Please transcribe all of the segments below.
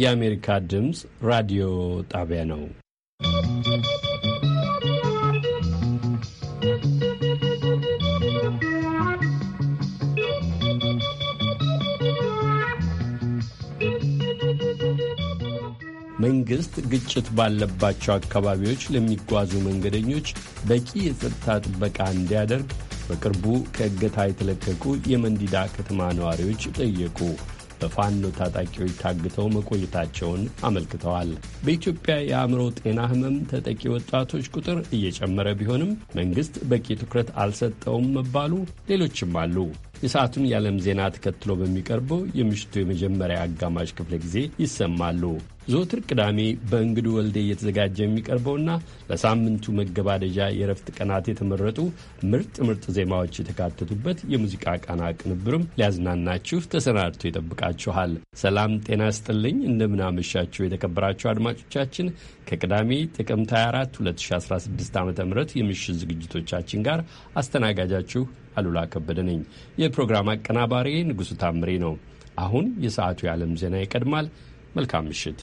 የአሜሪካ ድምፅ ራዲዮ ጣቢያ ነው። መንግሥት ግጭት ባለባቸው አካባቢዎች ለሚጓዙ መንገደኞች በቂ የጸጥታ ጥበቃ እንዲያደርግ በቅርቡ ከእገታ የተለቀቁ የመንዲዳ ከተማ ነዋሪዎች ጠየቁ። በፋኖ ታጣቂዎች ታግተው መቆየታቸውን አመልክተዋል። በኢትዮጵያ የአእምሮ ጤና ህመም ተጠቂ ወጣቶች ቁጥር እየጨመረ ቢሆንም መንግስት በቂ ትኩረት አልሰጠውም መባሉ ሌሎችም አሉ። የሰዓቱን የዓለም ዜና ተከትሎ በሚቀርበው የምሽቱ የመጀመሪያ አጋማሽ ክፍለ ጊዜ ይሰማሉ። ዞትር ቅዳሜ በእንግዱ ወልዴ እየተዘጋጀ የሚቀርበውና ለሳምንቱ መገባደጃ የእረፍት ቀናት የተመረጡ ምርጥ ምርጥ ዜማዎች የተካተቱበት የሙዚቃ ቃና ቅንብርም ሊያዝናናችሁ ተሰናድቶ ይጠብቃችኋል። ሰላም ጤና ስጥልኝ። እንደምናመሻችሁ የተከበራችሁ አድማጮቻችን ከቅዳሜ ጥቅምት 24 2016 ዓ ም የምሽት ዝግጅቶቻችን ጋር አስተናጋጃችሁ አሉላ ከበደ ነኝ። የፕሮግራም አቀናባሪ ንጉሡ ታምሬ ነው። አሁን የሰዓቱ የዓለም ዜና ይቀድማል። መልካም ምሽት።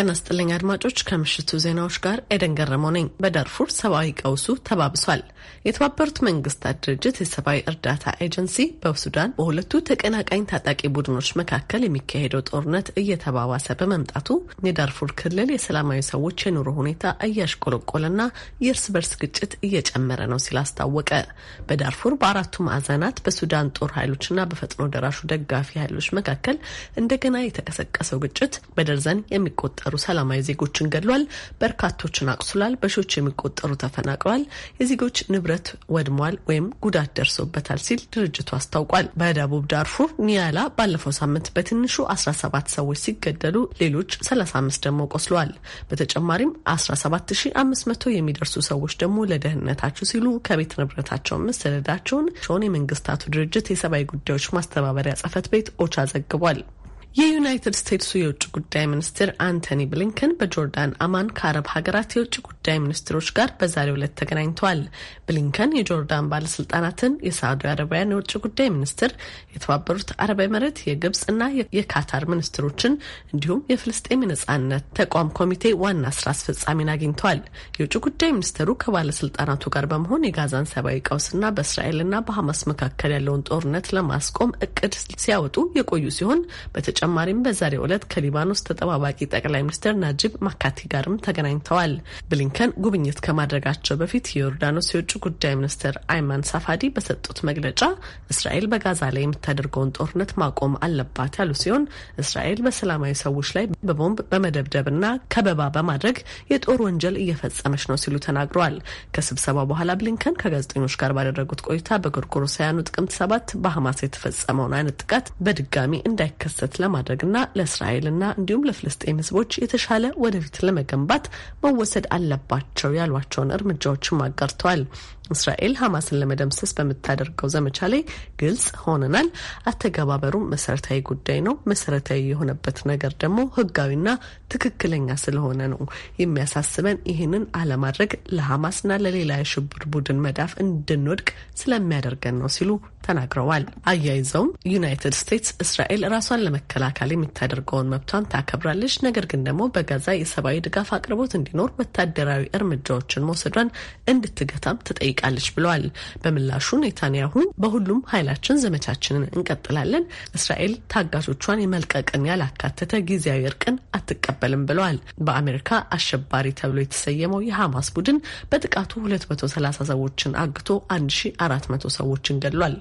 ጤና ስጥልኝ አድማጮች፣ ከምሽቱ ዜናዎች ጋር ኤደን ገረመው ነኝ። በዳርፉር ሰብአዊ ቀውሱ ተባብሷል። የተባበሩት መንግስታት ድርጅት የሰብአዊ እርዳታ ኤጀንሲ በሱዳን በሁለቱ ተቀናቃኝ ታጣቂ ቡድኖች መካከል የሚካሄደው ጦርነት እየተባባሰ በመምጣቱ የዳርፉር ክልል የሰላማዊ ሰዎች የኑሮ ሁኔታ እያሽቆለቆለና የእርስ በርስ ግጭት እየጨመረ ነው ሲል አስታወቀ። በዳርፉር በአራቱ ማዕዘናት በሱዳን ጦር ኃይሎችና በፈጥኖ ደራሹ ደጋፊ ኃይሎች መካከል እንደገና የተቀሰቀሰው ግጭት በደርዘን የሚቆጠ የሚቆጠሩ ሰላማዊ ዜጎችን ገድሏል፣ በርካቶችን አቁስሏል፣ በሺዎች የሚቆጠሩ ተፈናቅለዋል፣ የዜጎች ንብረት ወድሟል ወይም ጉዳት ደርሶበታል ሲል ድርጅቱ አስታውቋል። በደቡብ ዳርፉር ኒያላ ባለፈው ሳምንት በትንሹ 17 ሰዎች ሲገደሉ ሌሎች 35 ደግሞ ቆስለዋል። በተጨማሪም 17500 የሚደርሱ ሰዎች ደግሞ ለደህንነታቸው ሲሉ ከቤት ንብረታቸውን መሰደዳቸውን ሾን የመንግስታቱ ድርጅት የሰብአዊ ጉዳዮች ማስተባበሪያ ጽህፈት ቤት ኦቻ ዘግቧል። የዩናይትድ ስቴትሱ የውጭ ጉዳይ ሚኒስትር አንቶኒ ብሊንከን በጆርዳን አማን ከአረብ ሀገራት የውጭ ጉዳይ ሚኒስትሮች ጋር በዛሬው ዕለት ተገናኝተዋል። ብሊንከን የጆርዳን ባለስልጣናትን፣ የሳዑዲ አረቢያን የውጭ ጉዳይ ሚኒስትር፣ የተባበሩት አረብ ኤምሬት፣ የግብጽ እና የካታር ሚኒስትሮችን እንዲሁም የፍልስጤም የነጻነት ተቋም ኮሚቴ ዋና ስራ አስፈጻሚን አግኝተዋል። የውጭ ጉዳይ ሚኒስትሩ ከባለስልጣናቱ ጋር በመሆን የጋዛን ሰብአዊ ቀውስና በእስራኤልና በሐማስ መካከል ያለውን ጦርነት ለማስቆም እቅድ ሲያወጡ የቆዩ ሲሆን በተጨማሪም በዛሬው ዕለት ከሊባኖስ ተጠባባቂ ጠቅላይ ሚኒስትር ናጂብ ማካቲ ጋርም ተገናኝተዋል። ብሊንከን ጉብኝት ከማድረጋቸው በፊት የዮርዳኖስ የውጭ ጉዳይ ሚኒስትር አይማን ሳፋዲ በሰጡት መግለጫ እስራኤል በጋዛ ላይ የምታደርገውን ጦርነት ማቆም አለባት ያሉ ሲሆን እስራኤል በሰላማዊ ሰዎች ላይ በቦምብ በመደብደብና ከበባ በማድረግ የጦር ወንጀል እየፈጸመች ነው ሲሉ ተናግረዋል። ከስብሰባ በኋላ ብሊንከን ከጋዜጠኞች ጋር ባደረጉት ቆይታ በጎርጎሮሳውያኑ ጥቅምት ሰባት በሐማስ የተፈጸመውን አይነት ጥቃት በድጋሚ እንዳይከሰት ለ ለማድረግና ለእስራኤልና እንዲሁም ለፍልስጤም ህዝቦች የተሻለ ወደፊት ለመገንባት መወሰድ አለባቸው ያሏቸውን እርምጃዎችም አጋርተዋል። እስራኤል ሐማስን ለመደምሰስ በምታደርገው ዘመቻ ላይ ግልጽ ሆነናል። አተገባበሩ መሰረታዊ ጉዳይ ነው። መሰረታዊ የሆነበት ነገር ደግሞ ህጋዊና ትክክለኛ ስለሆነ ነው የሚያሳስበን። ይህንን አለማድረግ ለሐማስና ለሌላ የሽብር ቡድን መዳፍ እንድንወድቅ ስለሚያደርገን ነው ሲሉ ተናግረዋል። አያይዘውም ዩናይትድ ስቴትስ እስራኤል ራሷን ለመከላከል የምታደርገውን መብቷን ታከብራለች፣ ነገር ግን ደግሞ በጋዛ የሰብአዊ ድጋፍ አቅርቦት እንዲኖር ወታደራዊ እርምጃዎችን መውሰዷን እንድትገታም ተጠይቃል ትጠይቃለች ብለዋል። በምላሹ ኔታንያሁ በሁሉም ኃይላችን ዘመቻችንን እንቀጥላለን፣ እስራኤል ታጋቾቿን የመልቀቅን ያላካተተ ጊዜያዊ እርቅን አትቀበልም ብለዋል። በአሜሪካ አሸባሪ ተብሎ የተሰየመው የሐማስ ቡድን በጥቃቱ 230 ሰዎችን አግቶ 1400 ሰዎችን ገድሏል።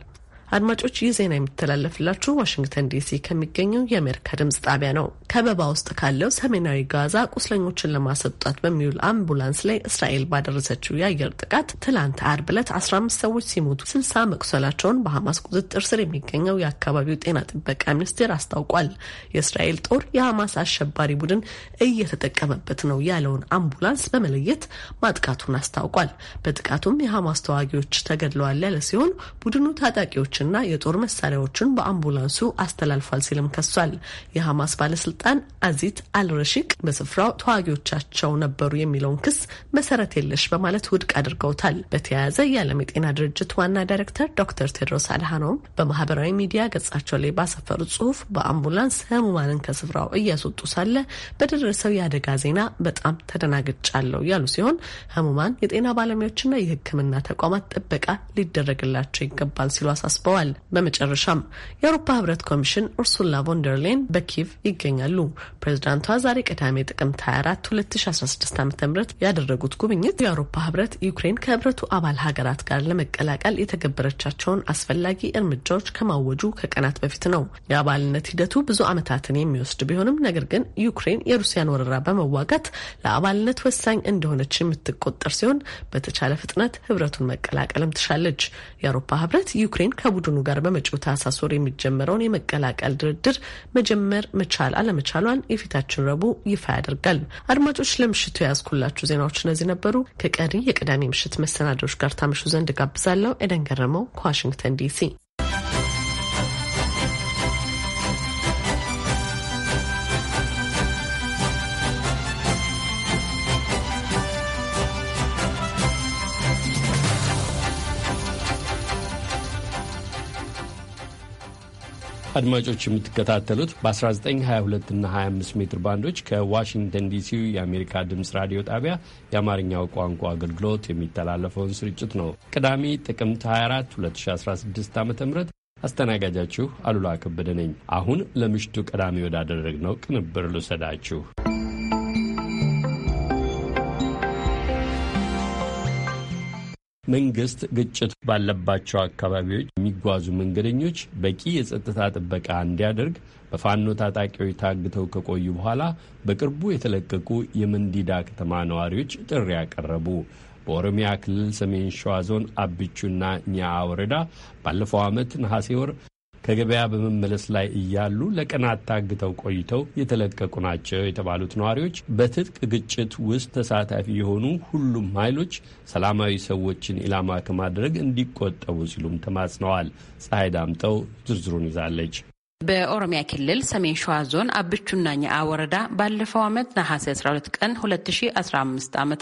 አድማጮች ይህ ዜና የሚተላለፍላችሁ ዋሽንግተን ዲሲ ከሚገኘው የአሜሪካ ድምጽ ጣቢያ ነው። ከበባ ውስጥ ካለው ሰሜናዊ ጋዛ ቁስለኞችን ለማሰጣት በሚውል አምቡላንስ ላይ እስራኤል ባደረሰችው የአየር ጥቃት ትላንት አርብ ዕለት አስራ አምስት ሰዎች ሲሞቱ ስልሳ መቁሰላቸውን በሐማስ ቁጥጥር ስር የሚገኘው የአካባቢው ጤና ጥበቃ ሚኒስቴር አስታውቋል። የእስራኤል ጦር የሐማስ አሸባሪ ቡድን እየተጠቀመበት ነው ያለውን አምቡላንስ በመለየት ማጥቃቱን አስታውቋል። በጥቃቱም የሐማስ ተዋጊዎች ተገድለዋል ያለ ሲሆን ቡድኑ ታጣቂዎች ሰዎችና የጦር መሳሪያዎችን በአምቡላንሱ አስተላልፏል ሲልም ከሷል። የሐማስ ባለስልጣን አዚት አልረሺቅ በስፍራው ተዋጊዎቻቸው ነበሩ የሚለውን ክስ መሰረት የለሽ በማለት ውድቅ አድርገውታል። በተያያዘ የዓለም የጤና ድርጅት ዋና ዳይሬክተር ዶክተር ቴድሮስ አድሃኖም በማህበራዊ ሚዲያ ገጻቸው ላይ ባሰፈሩት ጽሁፍ በአምቡላንስ ህሙማንን ከስፍራው እያስወጡ ሳለ በደረሰው የአደጋ ዜና በጣም ተደናግጫለሁ ያሉ ሲሆን ህሙማን፣ የጤና ባለሙያዎችና የህክምና ተቋማት ጥበቃ ሊደረግላቸው ይገባል ሲሉ አሳስበዋል። አሳስበዋል። በመጨረሻም የአውሮፓ ህብረት ኮሚሽን ኡርሱላ ቮንደርሌን በኪቭ ይገኛሉ። ፕሬዚዳንቷ ዛሬ ቅዳሜ ጥቅምት 24 2016 ዓ ም ያደረጉት ጉብኝት የአውሮፓ ህብረት ዩክሬን ከህብረቱ አባል ሀገራት ጋር ለመቀላቀል የተገበረቻቸውን አስፈላጊ እርምጃዎች ከማወጁ ከቀናት በፊት ነው። የአባልነት ሂደቱ ብዙ ዓመታትን የሚወስድ ቢሆንም ነገር ግን ዩክሬን የሩሲያን ወረራ በመዋጋት ለአባልነት ወሳኝ እንደሆነች የምትቆጠር ሲሆን በተቻለ ፍጥነት ህብረቱን መቀላቀልም ትሻለች። የአውሮፓ ህብረት ዩክሬን ከ ከቡድኑ ጋር በመጪው ታህሳስ ወር የሚጀመረውን የመቀላቀል ድርድር መጀመር መቻል አለመቻሏን የፊታችን ረቡዕ ይፋ ያደርጋል። አድማጮች፣ ለምሽቱ የያዝኩላችሁ ዜናዎች እነዚህ ነበሩ። ከቀሪ የቅዳሜ ምሽት መሰናዶዎች ጋር ታምሹ ዘንድ ጋብዛለሁ። ኤደን ገረመው ከዋሽንግተን ዲሲ አድማጮች የምትከታተሉት በ1922 እና 25 ሜትር ባንዶች ከዋሽንግተን ዲሲ የአሜሪካ ድምፅ ራዲዮ ጣቢያ የአማርኛው ቋንቋ አገልግሎት የሚተላለፈውን ስርጭት ነው። ቅዳሜ ጥቅምት 24 2016 ዓ ም አስተናጋጃችሁ አሉላ ከበደ ነኝ። አሁን ለምሽቱ ቀዳሚ ወዳደረግነው ቅንብር ልውሰዳችሁ። መንግስት ግጭት ባለባቸው አካባቢዎች የሚጓዙ መንገደኞች በቂ የጸጥታ ጥበቃ እንዲያደርግ በፋኖ ታጣቂዎች ታግተው ከቆዩ በኋላ በቅርቡ የተለቀቁ የመንዲዳ ከተማ ነዋሪዎች ጥሪ ያቀረቡ። በኦሮሚያ ክልል ሰሜን ሸዋ ዞን አብቹና ኛአ ወረዳ ባለፈው ዓመት ነሐሴ ወር ከገበያ በመመለስ ላይ እያሉ ለቀናት ታግተው ቆይተው የተለቀቁ ናቸው የተባሉት ነዋሪዎች በትጥቅ ግጭት ውስጥ ተሳታፊ የሆኑ ሁሉም ኃይሎች ሰላማዊ ሰዎችን ኢላማ ከማድረግ እንዲቆጠቡ ሲሉም ተማጽነዋል። ፀሐይ ዳምጠው ዝርዝሩን ይዛለች። በኦሮሚያ ክልል ሰሜን ሸዋ ዞን አብቹናኛ ወረዳ ባለፈው ዓመት ነሐሴ 12 ቀን 2015 ዓ ም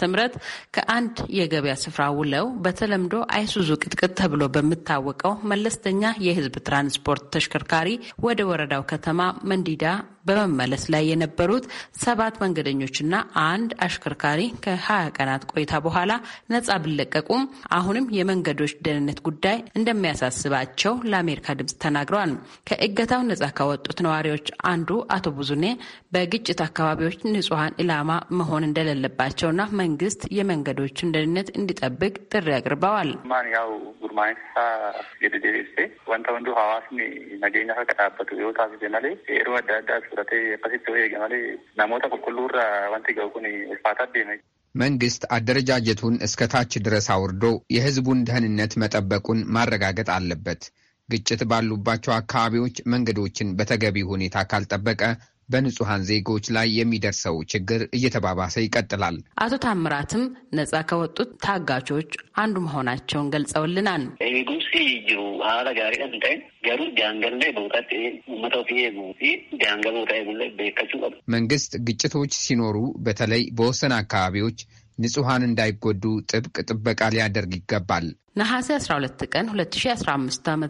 ከአንድ የገበያ ስፍራ ውለው በተለምዶ አይሱዙ ቅጥቅጥ ተብሎ በሚታወቀው መለስተኛ የህዝብ ትራንስፖርት ተሽከርካሪ ወደ ወረዳው ከተማ መንዲዳ በመመለስ ላይ የነበሩት ሰባት መንገደኞችና አንድ አሽከርካሪ ከ20 ቀናት ቆይታ በኋላ ነጻ ቢለቀቁም አሁንም የመንገዶች ደህንነት ጉዳይ እንደሚያሳስባቸው ለአሜሪካ ድምፅ ተናግረዋል። ከእገታው ነጻ ካወጡት ነዋሪዎች አንዱ አቶ ቡዙኔ በግጭት አካባቢዎች ንጹሐን ኢላማ መሆን እንደሌለባቸውና መንግስት የመንገዶችን ደህንነት እንዲጠብቅ ጥሪ አቅርበዋል። ያው ወንተ ወንዱ ነገኛ fudhatee akkasitti eega malee namoota qulqulluurraa wanti ga'u kun ulfaataa deeme. መንግስት አደረጃጀቱን እስከ ታች ድረስ አውርዶ የህዝቡን ደህንነት መጠበቁን ማረጋገጥ አለበት። ግጭት ባሉባቸው አካባቢዎች መንገዶችን በተገቢ ሁኔታ ካልጠበቀ በንጹሐን ዜጎች ላይ የሚደርሰው ችግር እየተባባሰ ይቀጥላል። አቶ ታምራትም ነጻ ከወጡት ታጋቾች አንዱ መሆናቸውን ገልጸውልናል። መንግስት ግጭቶች ሲኖሩ በተለይ በወሰን አካባቢዎች ንጹሐን እንዳይጎዱ ጥብቅ ጥበቃ ሊያደርግ ይገባል። ነሐሴ 12 ቀን 2015 ዓ ም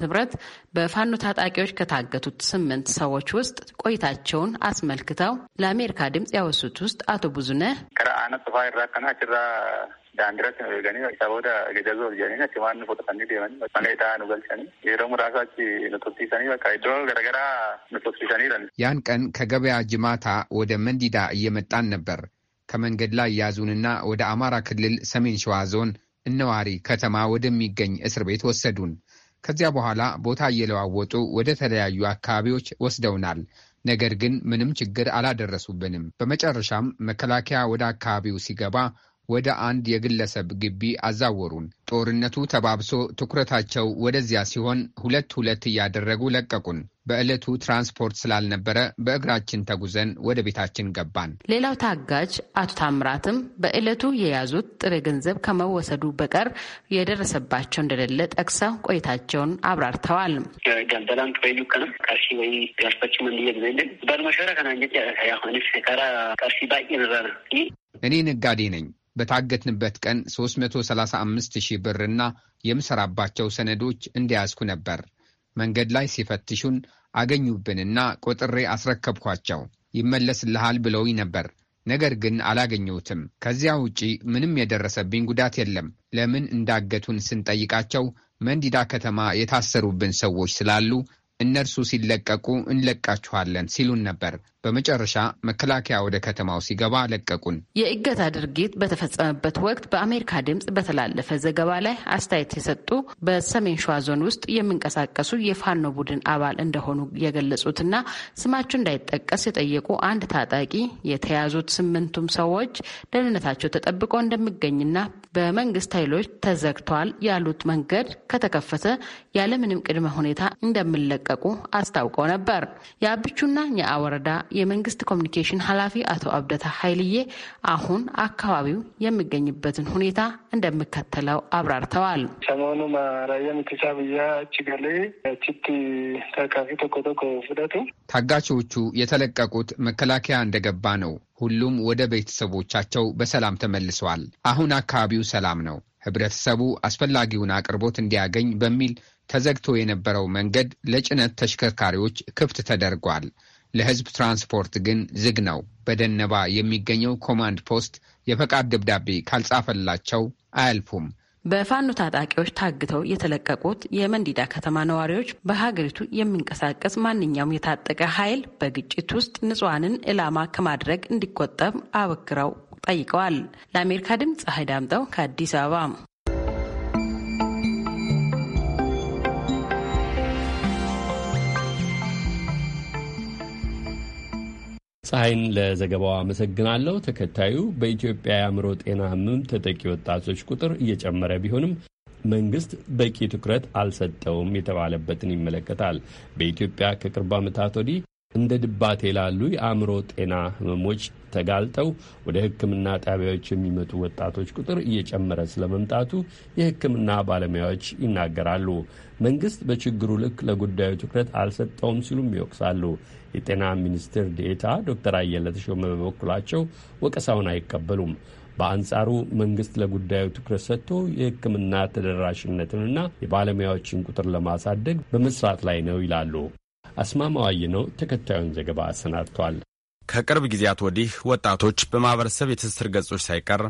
በፋኖ ታጣቂዎች ከታገቱት ስምንት ሰዎች ውስጥ ቆይታቸውን አስመልክተው ለአሜሪካ ድምፅ ያወሱት ውስጥ አቶ ብዙነህ ያን ቀን ከገበያ ጅማታ ወደ መንዲዳ እየመጣን ነበር። ከመንገድ ላይ ያዙንና ወደ አማራ ክልል ሰሜን ሸዋ ዞን እነዋሪ ከተማ ወደሚገኝ እስር ቤት ወሰዱን። ከዚያ በኋላ ቦታ እየለዋወጡ ወደ ተለያዩ አካባቢዎች ወስደውናል። ነገር ግን ምንም ችግር አላደረሱብንም። በመጨረሻም መከላከያ ወደ አካባቢው ሲገባ ወደ አንድ የግለሰብ ግቢ አዛወሩን። ጦርነቱ ተባብሶ ትኩረታቸው ወደዚያ ሲሆን ሁለት ሁለት እያደረጉ ለቀቁን። በዕለቱ ትራንስፖርት ስላልነበረ በእግራችን ተጉዘን ወደ ቤታችን ገባን። ሌላው ታጋጅ አቶ ታምራትም በዕለቱ የያዙት ጥሬ ገንዘብ ከመወሰዱ በቀር የደረሰባቸው እንደሌለ ጠቅሰው ቆይታቸውን አብራርተዋል። እኔ ነጋዴ ነኝ። በታገትንበት ቀን 335 ሺህ ብርና የምሰራባቸው ሰነዶች እንደያዝኩ ነበር። መንገድ ላይ ሲፈትሹን አገኙብንና ቆጥሬ አስረከብኳቸው። ይመለስልሃል ብለውኝ ነበር። ነገር ግን አላገኘሁትም። ከዚያ ውጪ ምንም የደረሰብኝ ጉዳት የለም። ለምን እንዳገቱን ስንጠይቃቸው መንዲዳ ከተማ የታሰሩብን ሰዎች ስላሉ እነርሱ ሲለቀቁ እንለቃችኋለን ሲሉን ነበር። በመጨረሻ መከላከያ ወደ ከተማው ሲገባ ለቀቁን። የእገታ ድርጊት በተፈጸመበት ወቅት በአሜሪካ ድምፅ በተላለፈ ዘገባ ላይ አስተያየት የሰጡ በሰሜን ሸዋ ዞን ውስጥ የሚንቀሳቀሱ የፋኖ ቡድን አባል እንደሆኑ የገለጹትና ስማቸው እንዳይጠቀስ የጠየቁ አንድ ታጣቂ የተያዙት ስምንቱም ሰዎች ደህንነታቸው ተጠብቆ እንደሚገኝና በመንግስት ኃይሎች ተዘግቷል ያሉት መንገድ ከተከፈተ ያለምንም ቅድመ ሁኔታ እንደሚለቀቁ አስታውቀው ነበር። የአብቹና የአወረዳ የመንግስት ኮሚኒኬሽን ኃላፊ አቶ አብደታ ኃይልዬ አሁን አካባቢው የሚገኝበትን ሁኔታ እንደሚከተለው አብራርተዋል። ሰሞኑ ማራየም ኪሳ ብያ ችገሌ ችቲ ተካፊ ቶኮ ፍደቱ ታጋቾቹ የተለቀቁት መከላከያ እንደገባ ነው። ሁሉም ወደ ቤተሰቦቻቸው በሰላም ተመልሰዋል። አሁን አካባቢው ሰላም ነው። ህብረተሰቡ አስፈላጊውን አቅርቦት እንዲያገኝ በሚል ተዘግቶ የነበረው መንገድ ለጭነት ተሽከርካሪዎች ክፍት ተደርጓል። ለህዝብ ትራንስፖርት ግን ዝግ ነው። በደነባ የሚገኘው ኮማንድ ፖስት የፈቃድ ደብዳቤ ካልጻፈላቸው አያልፉም። በፋኖ ታጣቂዎች ታግተው የተለቀቁት የመንዲዳ ከተማ ነዋሪዎች በሀገሪቱ የሚንቀሳቀስ ማንኛውም የታጠቀ ኃይል በግጭት ውስጥ ንጹሐንን ዕላማ ከማድረግ እንዲቆጠብ አበክረው ጠይቀዋል። ለአሜሪካ ድምፅ ሀይድ አምጠው ከአዲስ አበባ ፀሐይን ለዘገባው አመሰግናለሁ። ተከታዩ በኢትዮጵያ የአእምሮ ጤና ህመም ተጠቂ ወጣቶች ቁጥር እየጨመረ ቢሆንም መንግስት በቂ ትኩረት አልሰጠውም የተባለበትን ይመለከታል። በኢትዮጵያ ከቅርብ ዓመታት ወዲህ እንደ ድባቴ ላሉ የአእምሮ ጤና ህመሞች ተጋልጠው ወደ ሕክምና ጣቢያዎች የሚመጡ ወጣቶች ቁጥር እየጨመረ ስለመምጣቱ የሕክምና ባለሙያዎች ይናገራሉ። መንግስት በችግሩ ልክ ለጉዳዩ ትኩረት አልሰጠውም ሲሉም ይወቅሳሉ። የጤና ሚኒስትር ዴታ ዶክተር አየለ ተሾመ በበኩላቸው ወቀሳውን አይቀበሉም። በአንጻሩ መንግስት ለጉዳዩ ትኩረት ሰጥቶ የሕክምና ተደራሽነትንና የባለሙያዎችን ቁጥር ለማሳደግ በመስራት ላይ ነው ይላሉ። አስማማዋይ ነው ተከታዩን ዘገባ አሰናድቷል። ከቅርብ ጊዜያት ወዲህ ወጣቶች በማህበረሰብ የትስስር ገጾች ሳይቀር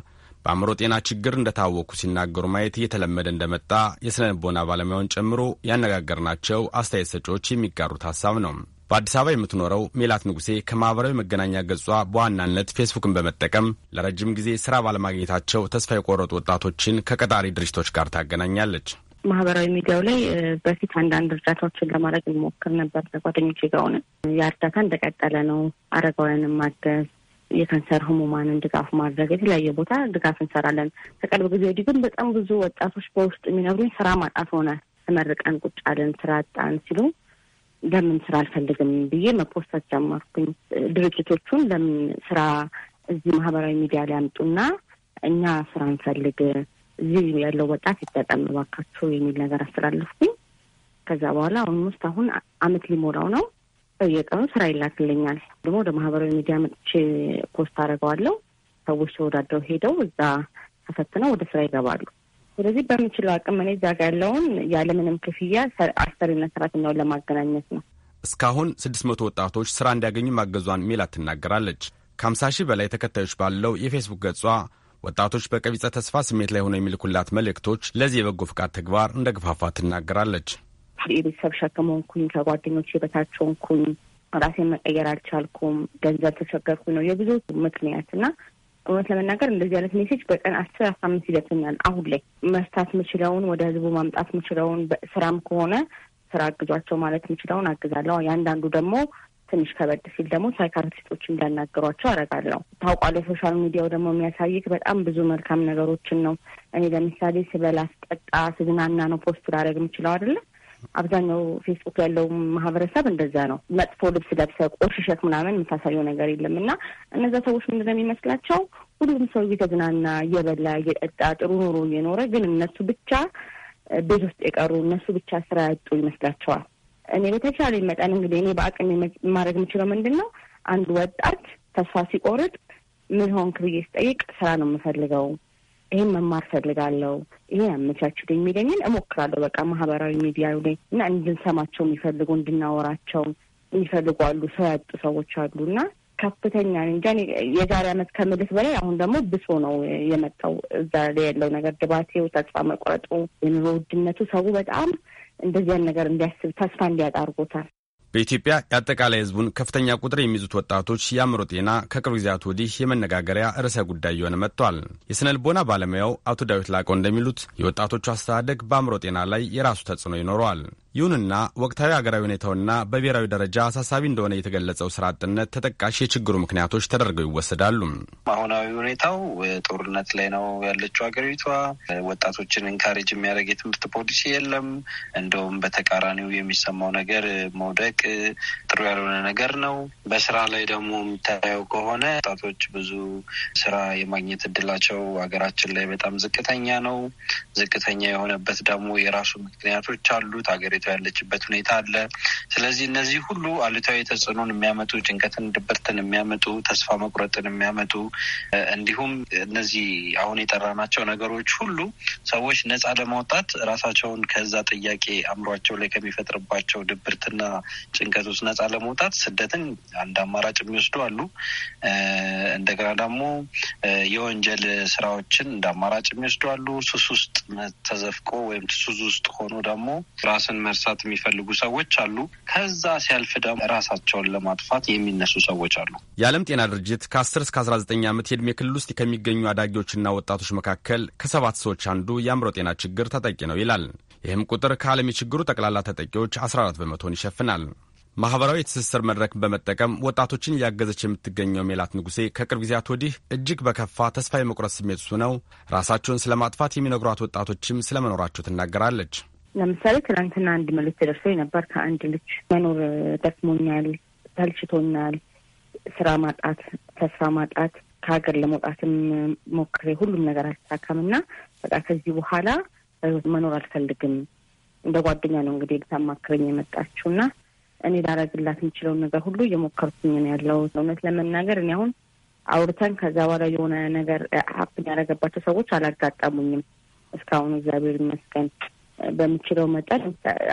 በአእምሮ ጤና ችግር እንደታወኩ ሲናገሩ ማየት እየተለመደ እንደመጣ የሥነ ልቦና ባለሙያውን ጨምሮ ያነጋገርናቸው አስተያየት ሰጪዎች የሚጋሩት ሀሳብ ነው። በአዲስ አበባ የምትኖረው ሜላት ንጉሴ ከማኅበራዊ መገናኛ ገጿ በዋናነት ፌስቡክን በመጠቀም ለረጅም ጊዜ ሥራ ባለማግኘታቸው ተስፋ የቆረጡ ወጣቶችን ከቀጣሪ ድርጅቶች ጋር ታገናኛለች። ማህበራዊ ሚዲያው ላይ በፊት አንዳንድ እርዳታዎችን ለማድረግ እንሞክር ነበር ከጓደኞቼ ጋር ሆነን። ያ እርዳታ እንደቀጠለ ነው። አረጋውያንን ማገዝ፣ የካንሰር ህሙማንን ድጋፍ ማድረግ የተለያየ ቦታ ድጋፍ እንሰራለን። ከቅርብ ጊዜ ወዲህ ግን በጣም ብዙ ወጣቶች በውስጥ የሚነግሩኝ ስራ ማጣት ሆነ፣ ተመርቀን ቁጭ አለን ስራ አጣን ሲሉ ለምን ስራ አልፈልግም ብዬ መፖስታት ጀመርኩኝ። ድርጅቶቹን ለምን ስራ እዚህ ማህበራዊ ሚዲያ ሊያምጡና እኛ ስራ እንፈልግ እዚህ ያለው ወጣት ይጠቀም ባካቸው የሚል ነገር አስተላለፍኩኝ። ከዛ በኋላ አሁን ውስጥ አሁን አመት ሊሞላው ነው በየቀኑ ስራ ይላክልኛል። ደግሞ ወደ ማህበራዊ ሚዲያ መጥቼ ፖስት አደርገዋለሁ። ሰዎች ተወዳድረው ሄደው እዛ ተፈትነው ወደ ስራ ይገባሉ። ስለዚህ በምችለው አቅም እኔ እዛ ጋ ያለውን ያለምንም ክፍያ አሰሪና ሰራተኛውን ለማገናኘት ነው። እስካሁን ስድስት መቶ ወጣቶች ስራ እንዲያገኙ ማገዟን ሚላ ትናገራለች። ከሀምሳ ሺህ በላይ ተከታዮች ባለው የፌስቡክ ገጿ ወጣቶች በቀቢጸ ተስፋ ስሜት ላይ ሆነው የሚልኩላት መልእክቶች ለዚህ የበጎ ፍቃድ ተግባር እንደ ግፋፋ ትናገራለች። የቤተሰብ ሸክም ሆንኩኝ፣ ከጓደኞቼ በታች ሆንኩኝ፣ ራሴን መቀየር አልቻልኩም፣ ገንዘብ ተቸገርኩኝ ነው የብዙ ምክንያት እና እውነት ለመናገር እንደዚህ አይነት ሜሴጅ በቀን አስር አስራ አምስት ይደርሰኛል። አሁን ላይ መፍታት የምችለውን ወደ ህዝቡ ማምጣት የምችለውን ስራም ከሆነ ስራ አግዟቸው ማለት የምችለውን አግዛለሁ። ያንዳንዱ ደግሞ ትንሽ ከበድ ሲል ደግሞ ሳይካትሪስቶች እንዳናገሯቸው አደርጋለሁ። ታውቋለ ሶሻል ሚዲያው ደግሞ የሚያሳይክ በጣም ብዙ መልካም ነገሮችን ነው። እኔ ለምሳሌ ስበላ፣ ስጠጣ፣ ስዝናና ነው ፖስት ላደርግ የምችለው አይደለም አብዛኛው ፌስቡክ ያለው ማህበረሰብ እንደዛ ነው። መጥፎ ልብስ ለብሰ ቆሽሸት ምናምን የምታሳየው ነገር የለም እና እነዛ ሰዎች ምንድነው የሚመስላቸው ሁሉም ሰው እየተዝናና እየበላ እየጠጣ ጥሩ ኑሮ እየኖረ ግን እነሱ ብቻ ቤት ውስጥ የቀሩ እነሱ ብቻ ስራ ያጡ ይመስላቸዋል። እኔ በተቻለ መጠን እንግዲህ እኔ በአቅም ማድረግ የምችለው ምንድን ነው አንድ ወጣት ተስፋ ሲቆርጥ ምን ሆንክ ብዬ ስጠይቅ ስራ ነው የምፈልገው ይህን መማር ፈልጋለው ይሄ አመቻችሁ ያመቻችልኝ የሚለኝን እሞክራለሁ። በቃ ማህበራዊ ሚዲያ ላይ እና እንድንሰማቸው የሚፈልጉ እንድናወራቸው የሚፈልጉ አሉ፣ ሰው ያጡ ሰዎች አሉ እና ከፍተኛ እንጃ የዛሬ አመት ከምልህ በላይ አሁን ደግሞ ብሶ ነው የመጣው። እዛ ላይ ያለው ነገር ድባቴው፣ ተስፋ መቁረጡ፣ የኑሮ ውድነቱ ሰው በጣም እንደዚያን ነገር እንዲያስብ ተስፋ እንዲያጣ አድርጎታል። በኢትዮጵያ የአጠቃላይ ሕዝቡን ከፍተኛ ቁጥር የሚይዙት ወጣቶች የአእምሮ ጤና ከቅርብ ጊዜያት ወዲህ የመነጋገሪያ ርዕሰ ጉዳይ የሆነ መጥቷል። የስነ ልቦና ባለሙያው አቶ ዳዊት ላቀው እንደሚሉት የወጣቶቹ አስተዳደግ በአእምሮ ጤና ላይ የራሱ ተጽዕኖ ይኖረዋል። ይሁንና ወቅታዊ አገራዊ ሁኔታውና በብሔራዊ ደረጃ አሳሳቢ እንደሆነ የተገለጸው ስራ አጥነት ተጠቃሽ የችግሩ ምክንያቶች ተደርገው ይወሰዳሉ። አሁናዊ ሁኔታው ጦርነት ላይ ነው ያለችው ሀገሪቷ። ወጣቶችን እንካሬጅ የሚያደርግ የትምህርት ፖሊሲ የለም። እንደውም በተቃራኒው የሚሰማው ነገር መውደቅ ጥሩ ያልሆነ ነገር ነው። በስራ ላይ ደግሞ የሚታየው ከሆነ ወጣቶች ብዙ ስራ የማግኘት እድላቸው ሀገራችን ላይ በጣም ዝቅተኛ ነው። ዝቅተኛ የሆነበት ደግሞ የራሱ ምክንያቶች አሉት ሀገሪቷ ያለችበት ሁኔታ አለ። ስለዚህ እነዚህ ሁሉ አሉታዊ ተጽዕኖን የሚያመጡ ጭንቀትን፣ ድብርትን የሚያመጡ ተስፋ መቁረጥን የሚያመጡ እንዲሁም እነዚህ አሁን የጠራናቸው ነገሮች ሁሉ ሰዎች ነጻ ለማውጣት ራሳቸውን ከዛ ጥያቄ አእምሯቸው ላይ ከሚፈጥርባቸው ድብርትና ጭንቀት ውስጥ ነጻ ለመውጣት ስደትን አንድ አማራጭ የሚወስዱ አሉ። እንደገና ደግሞ የወንጀል ስራዎችን እንደ አማራጭ የሚወስዱ አሉ። ሱስ ውስጥ ተዘፍቆ ወይም ሱስ ውስጥ ሆኖ ደግሞ ራስን ለመርሳት የሚፈልጉ ሰዎች አሉ። ከዛ ሲያልፍ ደግሞ ራሳቸውን ለማጥፋት የሚነሱ ሰዎች አሉ። የዓለም ጤና ድርጅት ከ እስከ 19 ዓመት የዕድሜ ክልል ውስጥ ከሚገኙ አዳጊዎችና ወጣቶች መካከል ከሰባት ሰዎች አንዱ የአእምሮ ጤና ችግር ተጠቂ ነው ይላል። ይህም ቁጥር ከዓለም የችግሩ ጠቅላላ ተጠቂዎች 14 በመቶን ይሸፍናል። ማህበራዊ የትስስር መድረክን በመጠቀም ወጣቶችን እያገዘች የምትገኘው ሜላት ንጉሴ ከቅርብ ጊዜያት ወዲህ እጅግ በከፋ ተስፋ የመቁረጥ ስሜት ሱ ነው ራሳቸውን ስለ ማጥፋት የሚነግሯት ወጣቶችም ስለመኖራቸው ትናገራለች። ለምሳሌ ትናንትና አንድ መልዕክት ደርሶኝ ነበር። ከአንድ ልጅ መኖር ደክሞኛል፣ ተልችቶኛል፣ ስራ ማጣት፣ ተስፋ ማጣት፣ ከሀገር ለመውጣትም ሞክሬ ሁሉም ነገር አልተሳካም እና በቃ ከዚህ በኋላ መኖር አልፈልግም። እንደ ጓደኛ ነው እንግዲህ ልታማክረኝ የመጣችው እና እኔ ላረግላት የምችለውን ነገር ሁሉ እየሞከርኩኝ ነው ያለው። እውነት ለመናገር እኔ አሁን አውርተን ከዛ በኋላ የሆነ ነገር ሀብትን ያደረገባቸው ሰዎች አላጋጠሙኝም እስካሁን እግዚአብሔር ይመስገን። በምችለው መጠን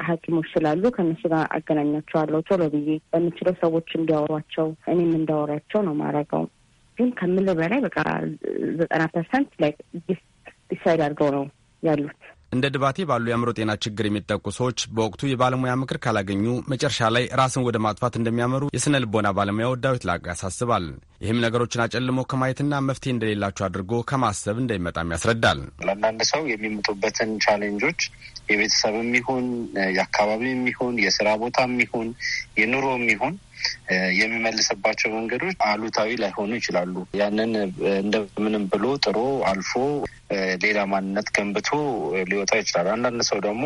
ሐኪሞች ስላሉ ከነሱ ጋር አገናኛቸዋለሁ ቶሎ ብዬ በምችለው ሰዎች እንዲያወሯቸው እኔም እንዳወሯቸው ነው ማረገው። ግን ከምልህ በላይ በቃ ዘጠና ፐርሰንት ላይ ዲሳይድ አድርገው ነው ያሉት። እንደ ድባቴ ባሉ የአእምሮ ጤና ችግር የሚጠቁ ሰዎች በወቅቱ የባለሙያ ምክር ካላገኙ መጨረሻ ላይ ራስን ወደ ማጥፋት እንደሚያመሩ የሥነ ልቦና ባለሙያው ዳዊት ላቅ ያሳስባል። ይህም ነገሮችን አጨልሞ ከማየትና መፍትሄ እንደሌላቸው አድርጎ ከማሰብ እንደሚመጣም ያስረዳል። ለአንዳንድ ሰው የሚመጡበትን ቻሌንጆች የቤተሰብም ይሁን የአካባቢም ይሁን የስራ ቦታም ይሁን የኑሮም ይሁን የሚመልስባቸው መንገዶች አሉታዊ ላይሆኑ ይችላሉ። ያንን እንደምንም ብሎ ጥሮ አልፎ ሌላ ማንነት ገንብቶ ሊወጣ ይችላል። አንዳንድ ሰው ደግሞ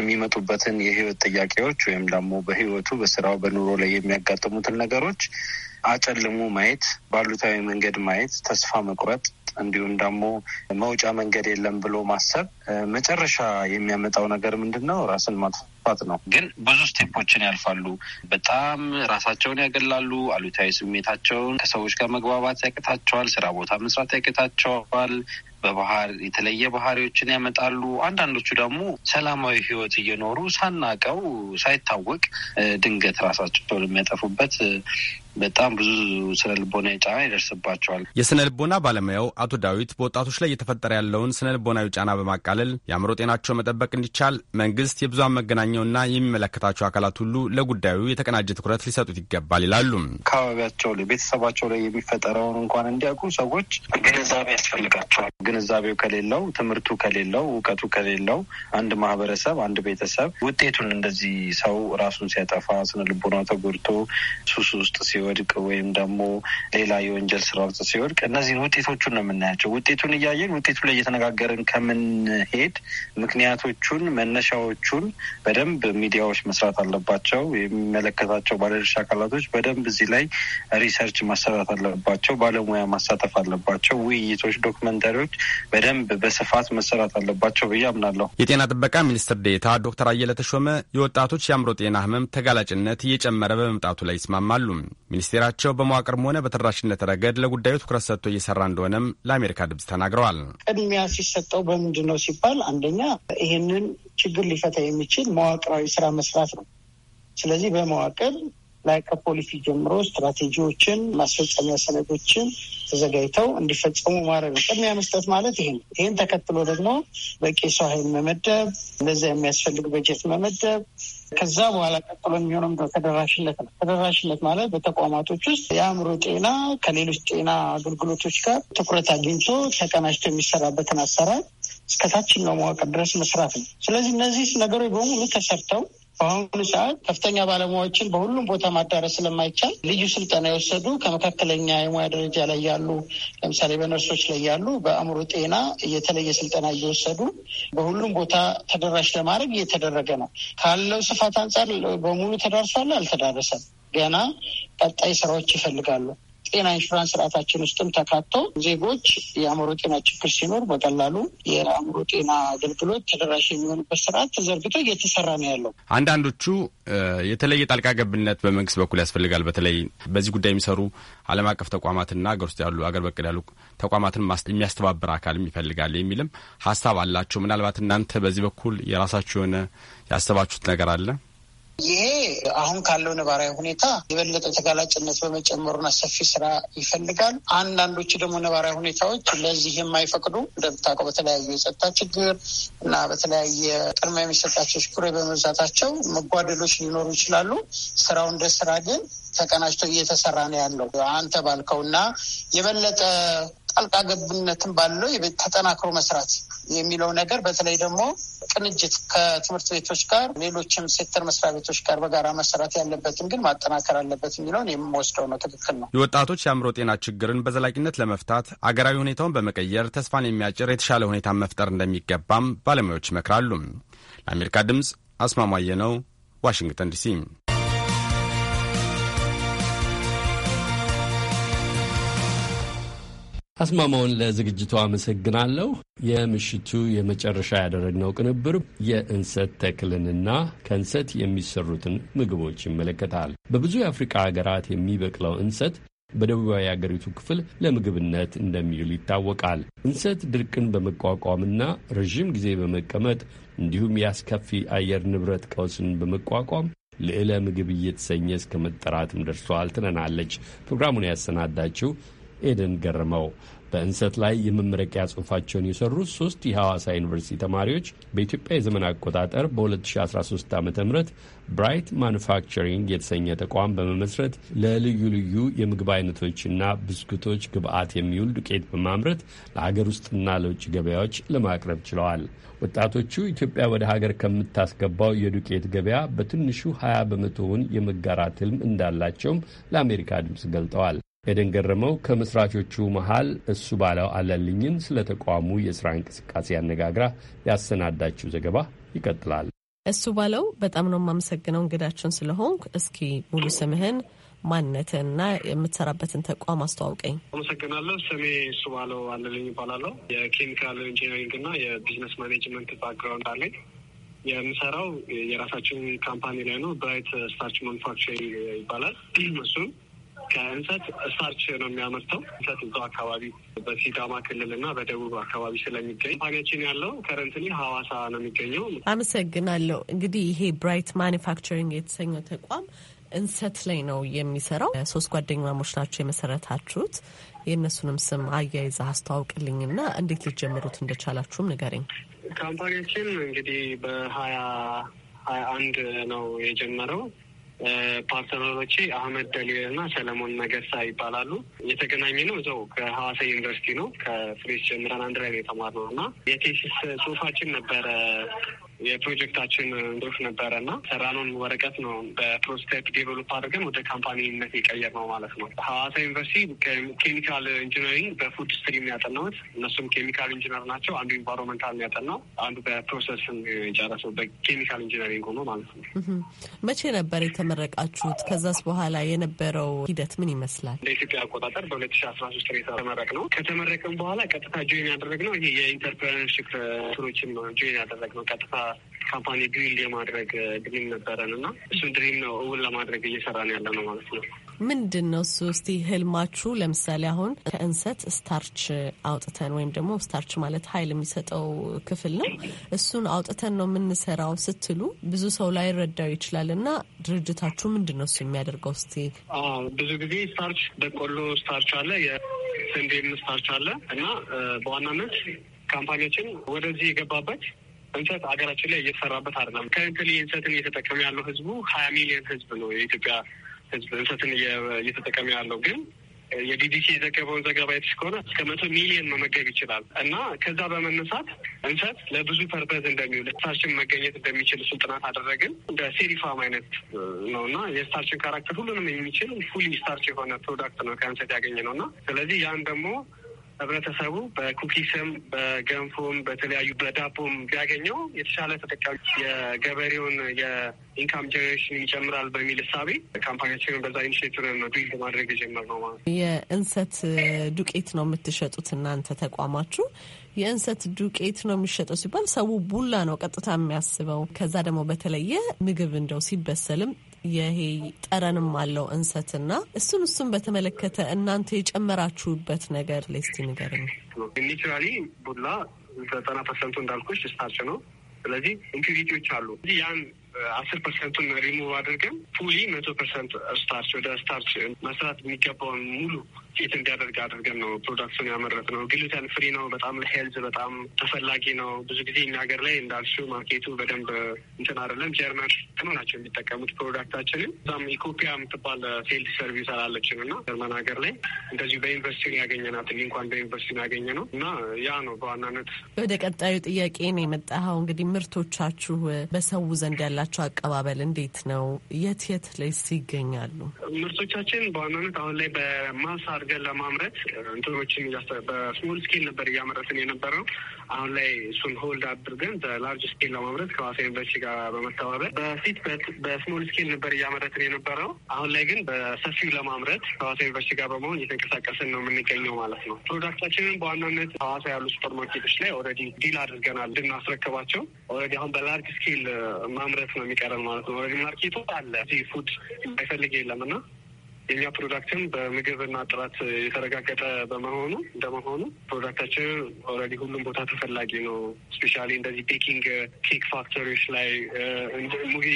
የሚመጡበትን የህይወት ጥያቄዎች ወይም ደግሞ በህይወቱ በስራው በኑሮ ላይ የሚያጋጥሙትን ነገሮች አጨልሞ ማየት፣ ባሉታዊ መንገድ ማየት፣ ተስፋ መቁረጥ እንዲሁም ደግሞ መውጫ መንገድ የለም ብሎ ማሰብ መጨረሻ የሚያመጣው ነገር ምንድን ነው? ራስን ማጥፋት ማጥፋት ነው። ግን ብዙ ስቴፖችን ያልፋሉ። በጣም ራሳቸውን ያገላሉ። አሉታዊ ስሜታቸውን ከሰዎች ጋር መግባባት ያቅታቸዋል። ስራ ቦታ መስራት ያቅታቸዋል። በባህር የተለየ ባህሪዎችን ያመጣሉ። አንዳንዶቹ ደግሞ ሰላማዊ ህይወት እየኖሩ ሳናቀው ሳይታወቅ ድንገት ራሳቸውን የሚያጠፉበት በጣም ብዙ ስነ ልቦናዊ ጫና ይደርስባቸዋል። የስነ ልቦና ባለሙያው አቶ ዳዊት በወጣቶች ላይ እየተፈጠረ ያለውን ስነ ልቦናዊ ጫና በማቃለል የአእምሮ ጤናቸው መጠበቅ እንዲቻል መንግስት የብዙሃን መገናኛ የሚያገኘውና የሚመለከታቸው አካላት ሁሉ ለጉዳዩ የተቀናጀ ትኩረት ሊሰጡት ይገባል ይላሉ። አካባቢያቸው ላይ ቤተሰባቸው ላይ የሚፈጠረውን እንኳን እንዲያውቁ ሰዎች ግንዛቤ ያስፈልጋቸዋል። ግንዛቤው ከሌለው፣ ትምህርቱ ከሌለው፣ እውቀቱ ከሌለው አንድ ማህበረሰብ አንድ ቤተሰብ ውጤቱን እንደዚህ ሰው ራሱን ሲያጠፋ ስነ ልቦና ተጎድቶ ሱስ ውስጥ ሲወድቅ ወይም ደግሞ ሌላ የወንጀል ስራ ውስጥ ሲወድቅ እነዚህን ውጤቶቹን ነው የምናያቸው። ውጤቱን እያየን ውጤቱ ላይ እየተነጋገርን ከምንሄድ ምክንያቶቹን መነሻዎቹን በደንብ በደንብ ሚዲያዎች መስራት አለባቸው። የሚመለከታቸው ባለድርሻ አካላቶች በደንብ እዚህ ላይ ሪሰርች ማሰራት አለባቸው። ባለሙያ ማሳተፍ አለባቸው። ውይይቶች፣ ዶክመንተሪዎች በደንብ በስፋት መሰራት አለባቸው ብዬ አምናለሁ። የጤና ጥበቃ ሚኒስትር ዴታ ዶክተር አየለ ተሾመ የወጣቶች የአእምሮ ጤና ህመም ተጋላጭነት እየጨመረ በመምጣቱ ላይ ይስማማሉ። ሚኒስቴራቸው በመዋቅርም ሆነ በተደራሽነት ረገድ ለጉዳዩ ትኩረት ሰጥቶ እየሰራ እንደሆነም ለአሜሪካ ድምፅ ተናግረዋል። ቅድሚያ ሲሰጠው በምንድን ነው ሲባል አንደኛ ይህንን ችግር ሊፈታ የሚችል መዋቅራዊ ስራ መስራት ነው። ስለዚህ በመዋቅር ላይ ከፖሊሲ ጀምሮ ስትራቴጂዎችን፣ ማስፈጸሚያ ሰነዶችን ተዘጋጅተው እንዲፈጸሙ ማድረግ ነው። ቅድሚያ መስጠት ማለት ይሄ ነው። ይህን ተከትሎ ደግሞ በቂ ሰው ኃይል መመደብ፣ እንደዚያ የሚያስፈልግ በጀት መመደብ ከዛ በኋላ ቀጥሎ የሚሆነው ተደራሽነት ነው። ተደራሽነት ማለት በተቋማቶች ውስጥ የአእምሮ ጤና ከሌሎች ጤና አገልግሎቶች ጋር ትኩረት አግኝቶ ተቀናጅቶ የሚሰራበትን አሰራር እስከታችኛው መዋቅር ድረስ መስራት ነው። ስለዚህ እነዚህ ነገሮች በሙሉ ተሰርተው በአሁኑ ሰዓት ከፍተኛ ባለሙያዎችን በሁሉም ቦታ ማዳረስ ስለማይቻል ልዩ ስልጠና የወሰዱ ከመካከለኛ የሙያ ደረጃ ላይ ያሉ ለምሳሌ በነርሶች ላይ ያሉ በአእምሮ ጤና የተለየ ስልጠና እየወሰዱ በሁሉም ቦታ ተደራሽ ለማድረግ እየተደረገ ነው። ካለው ስፋት አንጻር በሙሉ ተዳርሷል? አልተዳረሰም። ገና ቀጣይ ስራዎች ይፈልጋሉ። ጤና ኢንሹራንስ ስርዓታችን ውስጥም ተካቶ ዜጎች የአእምሮ ጤና ችግር ሲኖር በቀላሉ የአእምሮ ጤና አገልግሎት ተደራሽ የሚሆንበት ስርዓት ተዘርግቶ እየተሰራ ነው ያለው። አንዳንዶቹ የተለየ ጣልቃ ገብነት በመንግስት በኩል ያስፈልጋል። በተለይ በዚህ ጉዳይ የሚሰሩ ዓለም አቀፍ ተቋማትና አገር ውስጥ ያሉ አገር በቀል ያሉ ተቋማትን የሚያስተባብር አካልም ይፈልጋል የሚልም ሀሳብ አላቸው። ምናልባት እናንተ በዚህ በኩል የራሳችሁ የሆነ ያሰባችሁት ነገር አለ? ይሄ አሁን ካለው ነባራዊ ሁኔታ የበለጠ ተጋላጭነት በመጨመሩና ሰፊ ስራ ይፈልጋል። አንዳንዶቹ ደግሞ ነባራዊ ሁኔታዎች ለዚህ የማይፈቅዱ እንደምታውቀው በተለያዩ የጸጥታ ችግር እና በተለያየ ቅድማ የሚሰጣቸው ሽኩሬ በመብዛታቸው መጓደሎች ሊኖሩ ይችላሉ። ስራው እንደ ስራ ግን ተቀናጅቶ እየተሰራ ነው ያለው አንተ ባልከው እና የበለጠ ጣልቃ ገብነትን ባለው ተጠናክሮ መስራት የሚለው ነገር በተለይ ደግሞ ቅንጅት ከትምህርት ቤቶች ጋር ሌሎችም ሴክተር መስሪያ ቤቶች ጋር በጋራ መሰራት ያለበትን ግን ማጠናከር አለበት የሚለውን የምወስደው ነው። ትክክል ነው። የወጣቶች የአእምሮ ጤና ችግርን በዘላቂነት ለመፍታት አገራዊ ሁኔታውን በመቀየር ተስፋን የሚያጭር የተሻለ ሁኔታ መፍጠር እንደሚገባም ባለሙያዎች ይመክራሉ። ለአሜሪካ ድምፅ አስማማየ ነው፣ ዋሽንግተን ዲሲ አስማማውን ለዝግጅቱ አመሰግናለሁ። የምሽቱ የመጨረሻ ያደረግነው ቅንብር የእንሰት ተክልንና ከእንሰት የሚሰሩትን ምግቦች ይመለከታል። በብዙ የአፍሪቃ ሀገራት የሚበቅለው እንሰት በደቡባዊ የአገሪቱ ክፍል ለምግብነት እንደሚውል ይታወቃል። እንሰት ድርቅን በመቋቋምና ረዥም ጊዜ በመቀመጥ እንዲሁም የአስከፊ አየር ንብረት ቀውስን በመቋቋም ልዕለ ምግብ እየተሰኘ እስከ መጠራትም ደርሷል ትነናለች። ፕሮግራሙን ያሰናዳችው ኤደን ገረመው በእንሰት ላይ የመመረቂያ ጽሑፋቸውን የሰሩት ሶስት የሐዋሳ ዩኒቨርሲቲ ተማሪዎች በኢትዮጵያ የዘመን አቆጣጠር በ2013 ዓ ም ብራይት ማኑፋክቸሪንግ የተሰኘ ተቋም በመመስረት ለልዩ ልዩ የምግብ አይነቶችና ብስኩቶች ግብአት የሚውል ዱቄት በማምረት ለሀገር ውስጥና ለውጭ ገበያዎች ለማቅረብ ችለዋል። ወጣቶቹ ኢትዮጵያ ወደ ሀገር ከምታስገባው የዱቄት ገበያ በትንሹ 20 በመቶውን የመጋራት ህልም እንዳላቸውም ለአሜሪካ ድምፅ ገልጠዋል። ኤደን ገረመው ከመስራቾቹ መሀል እሱ ባለው አለልኝን ስለ ተቋሙ የስራ እንቅስቃሴ አነጋግራ ያሰናዳችው ዘገባ ይቀጥላል። እሱ ባለው በጣም ነው የማመሰግነው እንግዳችን ስለሆንክ። እስኪ ሙሉ ስምህን ማንነትንና የምትሰራበትን ተቋም አስተዋውቀኝ። አመሰግናለሁ። ስሜ እሱ ባለው አለልኝ ይባላለሁ። የኬሚካል ኢንጂነሪንግና የቢዝነስ ማኔጅመንት ባክግራውንድ አለኝ። የምሰራው የራሳችን ካምፓኒ ላይ ነው። ብራይት ስታርች ማኑፋክቸሪንግ ይባላል። እሱም ከእንሰት ስታርች ነው የሚያመርተው። እንሰት እዛው አካባቢ በሲዳማ ክልል በደቡብ አካባቢ ስለሚገኝ ካምፓኒያችን ያለው ከረንትሊ ሀዋሳ ነው የሚገኘው። አመሰግናለሁ። እንግዲህ ይሄ ብራይት ማኒፋክቸሪንግ የተሰኘው ተቋም እንሰት ላይ ነው የሚሰራው። ሶስት ጓደኛሞች ናቸው የመሰረታችሁት። የእነሱንም ስም አያይዛ አስተዋውቅልኝና እንዴት ልትጀምሩት እንደቻላችሁም ንገረኝ። ካምፓኒያችን እንግዲህ በሀያ ሀያ አንድ ነው የጀመረው ፓርትነሮቼ አህመድ ደሌ እና ሰለሞን ነገሳ ይባላሉ። የተገናኘ ነው እዛው ከሀዋሳ ዩኒቨርሲቲ ነው። ከፍሬስ ጀምረን አንድ ላይ ነው የተማርነው እና የቴሲስ ጽሁፋችን ነበረ የፕሮጀክታችን እንዶች ነበረ እና ሰራነውን ወረቀት ነው በፕሮቶታይፕ ዴቨሎፕ አድርገን ወደ ካምፓኒነት የቀየር ነው ማለት ነው። ሀዋሳ ዩኒቨርሲቲ ኬሚካል ኢንጂነሪንግ በፉድ ስትሪም ያጠናሁት። እነሱም ኬሚካል ኢንጂነር ናቸው። አንዱ ኢንቫይሮመንታል ያጠናው፣ አንዱ በፕሮሰስ የጨረሰው በኬሚካል ኢንጂነሪንግ ሆኖ ማለት ነው። መቼ ነበር የተመረቃችሁት? ከዛስ በኋላ የነበረው ሂደት ምን ይመስላል? እንደ ኢትዮጵያ አቆጣጠር በሁለት ሺ አስራ ሶስት ነው የተመረቅ ነው። ከተመረቅም በኋላ ቀጥታ ጆይን ያደረግነው ይሄ የኢንተርፕረነርሽፕ ስሮችን ጆይን ያደረግነው ቀጥታ ካምፓኒ ቢውልድ የማድረግ ድሪም ነበረን እና እሱ ድሪም ነው እውን ለማድረግ እየሰራን ያለ ነው ማለት ነው። ምንድን ነው እሱ? እስቲ ህልማችሁ ለምሳሌ አሁን ከእንሰት ስታርች አውጥተን ወይም ደግሞ ስታርች ማለት ኃይል የሚሰጠው ክፍል ነው። እሱን አውጥተን ነው የምንሰራው ስትሉ ብዙ ሰው ላይ ረዳው ይችላል እና ድርጅታችሁ ምንድን ነው እሱ የሚያደርገው? እስቲ ብዙ ጊዜ ስታርች በቆሎ ስታርች አለ፣ የስንዴም ስታርች አለ እና በዋናነት ካምፓኒዎችን ወደዚህ የገባበት እንሰት ሀገራችን ላይ እየተሰራበት አይደለም። ከንትል እንሰትን እየተጠቀመ ያለው ህዝቡ ሀያ ሚሊዮን ህዝብ ነው። የኢትዮጵያ ህዝብ እንሰትን እየተጠቀመ ያለው ግን የቢቢሲ የዘገበውን ዘገባ የተሽ ከሆነ እስከ መቶ ሚሊዮን መመገብ ይችላል እና ከዛ በመነሳት እንሰት ለብዙ ፐርፐዝ እንደሚውል ስታርችን መገኘት እንደሚችል እሱን ጥናት አደረግን። እንደ ሴሪፋም አይነት ነው እና የስታርችን ካራክተር ሁሉንም የሚችል ፉሊ ስታርች የሆነ ፕሮዳክት ነው ከእንሰት ያገኘ ነው እና ስለዚህ ያን ደግሞ ህብረተሰቡ በኩኪስም በገንፎም በተለያዩ በዳቦም ቢያገኘው የተሻለ ተጠቃሚ የገበሬውን የኢንካም ጀኔሬሽን ይጨምራል በሚል እሳቤ ካምፓኒያችንን በዛ ኢኒሽቲቭን ቢልድ ማድረግ የጀመርነው ማለት ነው። የእንሰት ዱቄት ነው የምትሸጡት እናንተ ተቋማችሁ። የእንሰት ዱቄት ነው የሚሸጠው ሲባል ሰው ቡላ ነው ቀጥታ የሚያስበው። ከዛ ደግሞ በተለየ ምግብ እንደው ሲበሰልም ይሄ ጠረንም አለው እንሰትና እሱን እሱን በተመለከተ እናንተ የጨመራችሁበት ነገር ሌስቲ ነገር ነው። ሊትራሊ ቡላ ዘጠና ፐርሰንቱ እንዳልኩሽ ስታርች ነው። ስለዚህ ኢምፒሪቲዎች አሉ። ያን አስር ፐርሰንቱን ሪሙቭ አድርገን ፉሊ መቶ ፐርሰንት ስታርች ወደ ስታርች መስራት የሚገባውን ሙሉ ፊት እንዲያደርግ አድርገን ነው ፕሮዳክቱን ያመረት ነው። ግሉተን ፍሪ ነው። በጣም ለሄልዝ በጣም ተፈላጊ ነው። ብዙ ጊዜ እኛ ሀገር ላይ እንዳልሹ ማርኬቱ በደንብ እንትን አይደለም። ጀርመን ነው ናቸው የሚጠቀሙት ፕሮዳክታችንን። እዛም ኢኮፒያ የምትባል ፌልድ ሰርቪስ አላለችን እና ጀርመን ሀገር ላይ እንደዚሁ በዩኒቨርሲቲ ያገኘናት እንኳን በዩኒቨርሲቲ ያገኘ ነው እና ያ ነው በዋናነት ወደ ቀጣዩ ጥያቄ ነው የመጣኸው። እንግዲህ ምርቶቻችሁ በሰው ዘንድ ያላቸው አቀባበል እንዴት ነው? የት የት ላይ ይገኛሉ ምርቶቻችን? በዋናነት አሁን ላይ በማሳር አድርገን ለማምረት እንትኖችን በስሞል ስኬል ነበር እያመረትን የነበረው። አሁን ላይ እሱን ሆልድ አድርገን በላርጅ ስኬል ለማምረት ከሀዋሳ ዩኒቨርሲቲ ጋር በመተባበር በፊት በስሞል ስኬል ነበር እያመረትን የነበረው። አሁን ላይ ግን በሰፊው ለማምረት ከሀዋሳ ዩኒቨርሲቲ ጋር በመሆን እየተንቀሳቀስን ነው የምንገኘው ማለት ነው። ፕሮዳክታችንን በዋናነት ሀዋሳ ያሉ ሱፐር ማርኬቶች ላይ ኦልሬዲ ዲል አድርገናል እንድናስረከባቸው። ኦልሬዲ አሁን በላርጅ ስኬል ማምረት ነው የሚቀረን ማለት ነው። ኦልሬዲ ማርኬቱ አለ፣ ፉድ አይፈልግ የለም እና የኛ ፕሮዳክትም በምግብና ጥራት የተረጋገጠ በመሆኑ እንደመሆኑ ፕሮዳክታችን ኦልሬዲ ሁሉም ቦታ ተፈላጊ ነው። ስፔሻሊ እንደዚህ ቤኪንግ ኬክ ፋክተሪዎች ላይ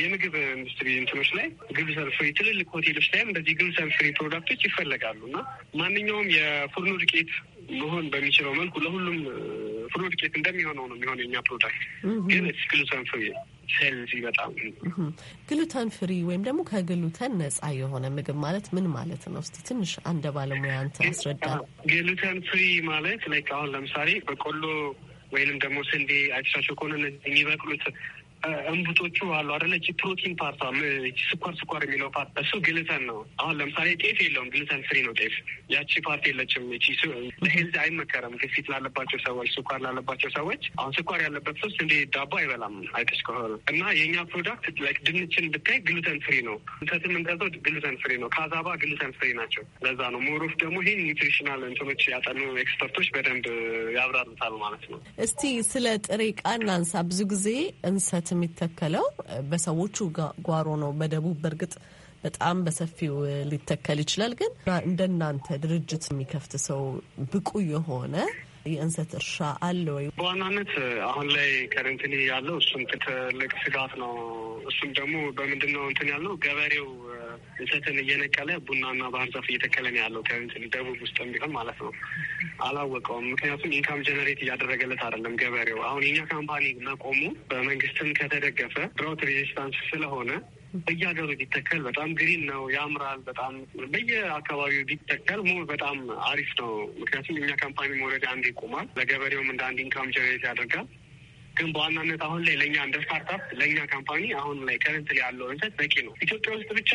የምግብ ኢንዱስትሪ እንትኖች ላይ ግሉተን ፍሪ ትልልቅ ሆቴሎች ላይም እንደዚህ ግሉተን ፍሪ ፕሮዳክቶች ይፈለጋሉ እና ማንኛውም የፉርኖ ዱቄት መሆን በሚችለው መልኩ ለሁሉም ፍርኖ ዱቄት እንደሚሆነው ነው የሚሆን የኛ ፕሮዳክት ግን ግሉተን ፍሪ ሴንስ ይመጣል። ግሉተን ፍሪ ወይም ደግሞ ከግሉተን ነጻ የሆነ ምግብ ማለት ምን ማለት ነው? እስቲ ትንሽ አንደ ባለሙያ አንተ አስረዳ። ግሉተን ፍሪ ማለት ላይክ አሁን ለምሳሌ በቆሎ ወይንም ደግሞ ስንዴ አይተሻቸው ከሆነ የሚበቅሉት እንቡቶቹ አሉ አደለ? ፕሮቲን ፓርቷ ስኳር ስኳር የሚለው ፓርት እሱ ግልተን ነው። አሁን ለምሳሌ ጤፍ የለውም፣ ግልተን ፍሪ ነው ጤፍ። ያቺ ፓርት የለችም። ለሄልዝ አይመከረም፣ ግፊት ላለባቸው ሰዎች፣ ስኳር ላለባቸው ሰዎች። አሁን ስኳር ያለበት ሰው እንደ ዳቦ አይበላም አይተሽ ከሆነ እና የእኛ ፕሮዳክት ላይክ ድንችን ብታይ ግሉተን ፍሪ ነው። እንሰትም እንደዛው ግሉተን ፍሪ ነው። ካዛባ ግሉተን ፍሪ ናቸው። ለዛ ነው ሞሩፍ ደግሞ ይህን ኒውትሪሽናል እንትኖች ያጠኑ ኤክስፐርቶች በደንብ ያብራሩታል ማለት ነው። እስቲ ስለ ጥሬ ዕቃ እናንሳ። ብዙ ጊዜ እንሰት የሚተከለው በሰዎቹ ጓሮ ነው። በደቡብ በእርግጥ በጣም በሰፊው ሊተከል ይችላል። ግን እንደናንተ ድርጅት የሚከፍት ሰው ብቁ የሆነ የእንሰት እርሻ አለ ወይ? በዋናነት አሁን ላይ ከረንትን ያለው እሱም ትልቅ ስጋት ነው። እሱም ደግሞ በምንድን ነው እንትን ያለው ገበሬው እንሰትን እየነቀለ ቡናና ባህር ዛፍ እየተከለ ያለው። ከረንትን ደቡብ ውስጥ ቢሆን ማለት ነው። አላወቀውም። ምክንያቱም ኢንካም ጀነሬት እያደረገለት አይደለም ገበሬው። አሁን የኛ ካምፓኒ መቆሙ በመንግስትም ከተደገፈ ድሮት ሬዚስታንስ ስለሆነ በየሀገሩ ቢተከል በጣም ግሪን ነው፣ ያምራል። በጣም በየአካባቢው ቢተከል ሙ በጣም አሪፍ ነው። ምክንያቱም እኛ ካምፓኒ መውረድ አንድ ይቆማል፣ ለገበሬውም እንደ አንድ ኢንካም ጀሬት ያደርጋል። ግን በዋናነት አሁን ላይ ለእኛ እንደ ስታርታፕ ለእኛ ካምፓኒ አሁን ላይ ከረንት ላይ ያለው እንሰት በቂ ነው። ኢትዮጵያ ውስጥ ብቻ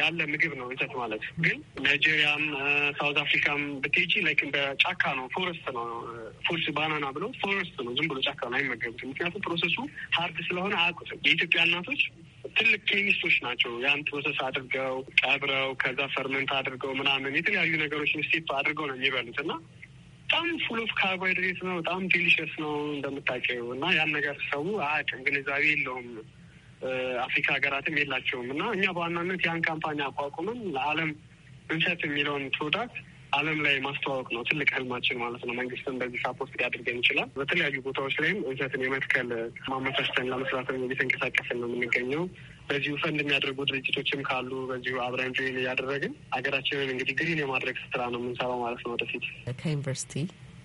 ያለ ምግብ ነው እንሰት ማለት ግን ናይጄሪያም ሳውዝ አፍሪካም ብትሄጂ ላይክ እንደ ጫካ ነው፣ ፎረስት ነው። ፉልስ ባናና ብለው ፎረስት ነው፣ ዝም ብሎ ጫካ ነው። አይመገቡትም። ምክንያቱም ፕሮሰሱ ሀርድ ስለሆነ አያውቁትም። የኢትዮጵያ እናቶች ትልቅ ኬሚስቶች ናቸው። ያን ፕሮሰስ አድርገው ቀብረው ከዛ ፈርመንት አድርገው ምናምን የተለያዩ ነገሮችን ስቴፕ አድርገው ነው የሚበሉት እና በጣም ፉል ኦፍ ካርቦሃይድሬት ነው። በጣም ዴሊሸስ ነው እንደምታውቂው እና ያን ነገር ሰው አያውቅም፣ ግንዛቤ የለውም። አፍሪካ ሀገራትም የላቸውም እና እኛ በዋናነት ያን ካምፓኒ አቋቁመን ለዓለም እንሰት የሚለውን ፕሮዳክት ዓለም ላይ ማስተዋወቅ ነው ትልቅ ህልማችን ማለት ነው። መንግስትን በዚህ ሳፖርት ሊያደርገን ይችላል። በተለያዩ ቦታዎች ላይም እንሰትን የመትከል ማመቻችተን ለመስራት እየተንቀሳቀስን ነው የምንገኘው። በዚሁ ፈንድ የሚያደርጉ ድርጅቶችም ካሉ በዚሁ አብረን ጆይን እያደረግን ሀገራችንን እንግዲህ ግሪን የማድረግ ስራ ነው የምንሰራው ማለት ነው ወደፊት ከዩኒቨርሲቲ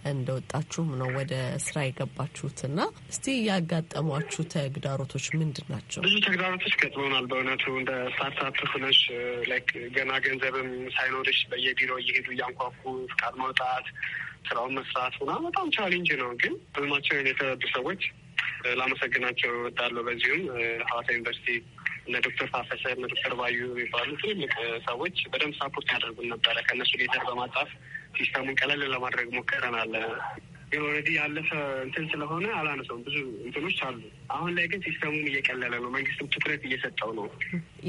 እንደወጣችሁም ነው ወደ ስራ የገባችሁትና እስቲ ያጋጠሟችሁ ተግዳሮቶች ምንድን ናቸው? ብዙ ተግዳሮቶች ገጥመናል። በእውነቱ እንደ ስታርታፕ ሁነሽ ላይክ ገና ገንዘብም ሳይኖርሽ በየቢሮ እየሄዱ እያንኳኩ ፍቃድ ማውጣት፣ ስራውን መስራት ሆና በጣም ቻሌንጅ ነው። ግን ህልማቸውን የተረዱ ሰዎች ላመሰግናቸው እወዳለሁ። በዚሁም ሀዋሳ ዩኒቨርሲቲ እነ ዶክተር ታፈሰ እነ ዶክተር ባዩ የሚባሉ ትልልቅ ሰዎች በደንብ ሳፖርት ያደርጉን ነበረ ከእነሱ ሌተር በማጣፍ ሲስተሙን ቀለል ለማድረግ ሞክረናል። ግን ኦልሬዲ ያለፈ እንትን ስለሆነ አላነሰውም። ብዙ እንትኖች አሉ። አሁን ላይ ግን ሲስተሙም እየቀለለ ነው፣ መንግስትም ትኩረት እየሰጠው ነው።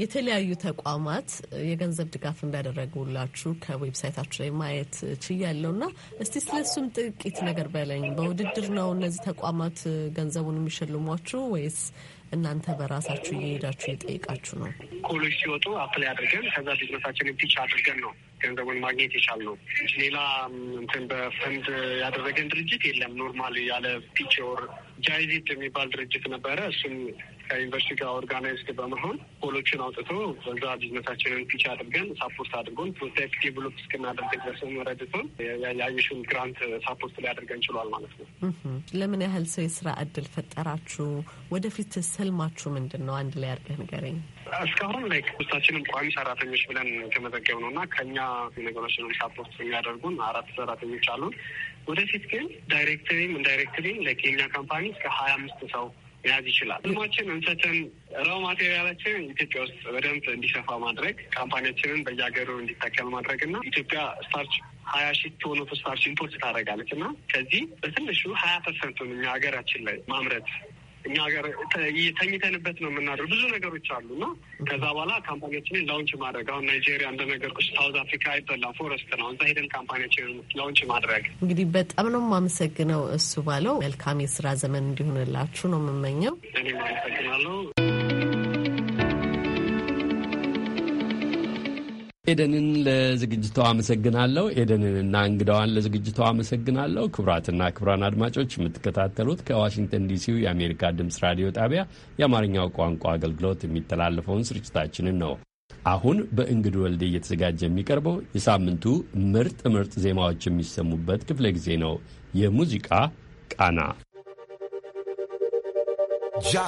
የተለያዩ ተቋማት የገንዘብ ድጋፍ እንዳደረጉላችሁ ከዌብሳይታችሁ ላይ ማየት ችያለሁ እና እስቲ ስለሱም ጥቂት ነገር በለኝ። በውድድር ነው እነዚህ ተቋማት ገንዘቡን የሚሸልሟችሁ ወይስ እናንተ በራሳችሁ እየሄዳችሁ እየጠየቃችሁ ነው? ኮሌጅ ሲወጡ አፕላይ አድርገን ከዛ ቢዝነሳችንን ፒች አድርገን ነው ገንዘቡን ማግኘት የቻልነው። ሌላ እንትን በፈንድ ያደረገን ድርጅት የለም። ኖርማል ያለ ፒች ወር ጃይዚት የሚባል ድርጅት ነበረ። እሱም ከዩኒቨርሲቲ ጋር ኦርጋናይዝድ በመሆን ፖሎችን አውጥቶ በዛ ቢዝነሳችንን ፒች አድርገን ሳፖርት አድርጎን ፕሮቴክት ዴቨሎፕ እስክናደርግ ድረስ መረድቶን የአየሹን ግራንት ሳፖርት ሊያደርገን ችሏል ማለት ነው። ለምን ያህል ሰው የስራ እድል ፈጠራችሁ? ወደፊት ስልማችሁ ምንድን ነው? አንድ ላይ አድርገህ ንገረኝ። እስካሁን ላይ ውስታችንም ቋሚ ሰራተኞች ብለን ከመዘገብ ነው እና ከኛ ነገሮችንም ሳፖርት የሚያደርጉን አራት ሰራተኞች አሉን። ወደፊት ግን ዳይሬክትሪም ኢንዳይሬክትሪም የኛ ካምፓኒ እስከ ሀያ አምስት ሰው መያዝ ይችላል። ህልማችን እንሰትን ረው ማቴሪያላችን ኢትዮጵያ ውስጥ በደንብ እንዲሰፋ ማድረግ፣ ካምፓኒያችንን በየሀገሩ እንዲተከል ማድረግ እና ኢትዮጵያ ስታርች ሀያ ሺ ቶን ኦፍ ስታርች ኢምፖርት ታደርጋለች እና ከዚህ በትንሹ ሀያ ፐርሰንቱን እኛ ሀገራችን ላይ ማምረት እኛ ሀገር ተኝተንበት ነው የምናደር ብዙ ነገሮች አሉ እና ከዛ በኋላ ካምፓኒያችንን ላውንች ማድረግ አሁን ናይጄሪያ እንደነገርኩሽ ሳውዝ አፍሪካ አይበላም ፎረስት ነው። እዛ ሄደን ካምፓኒያችንን ላውንች ማድረግ እንግዲህ በጣም ነው የማመሰግነው። እሱ ባለው መልካም የስራ ዘመን እንዲሆንላችሁ ነው የምመኘው። እኔም አመሰግናለሁ። ኤደንን ለዝግጅቷ አመሰግናለሁ። ኤደንንና እንግዳዋን ለዝግጅቷ አመሰግናለሁ። ክቡራትና ክቡራን አድማጮች የምትከታተሉት ከዋሽንግተን ዲሲው የአሜሪካ ድምፅ ራዲዮ ጣቢያ የአማርኛው ቋንቋ አገልግሎት የሚተላለፈውን ስርጭታችንን ነው። አሁን በእንግዱ ወልድ እየተዘጋጀ የሚቀርበው የሳምንቱ ምርጥ ምርጥ ዜማዎች የሚሰሙበት ክፍለ ጊዜ ነው። የሙዚቃ ቃና ዣ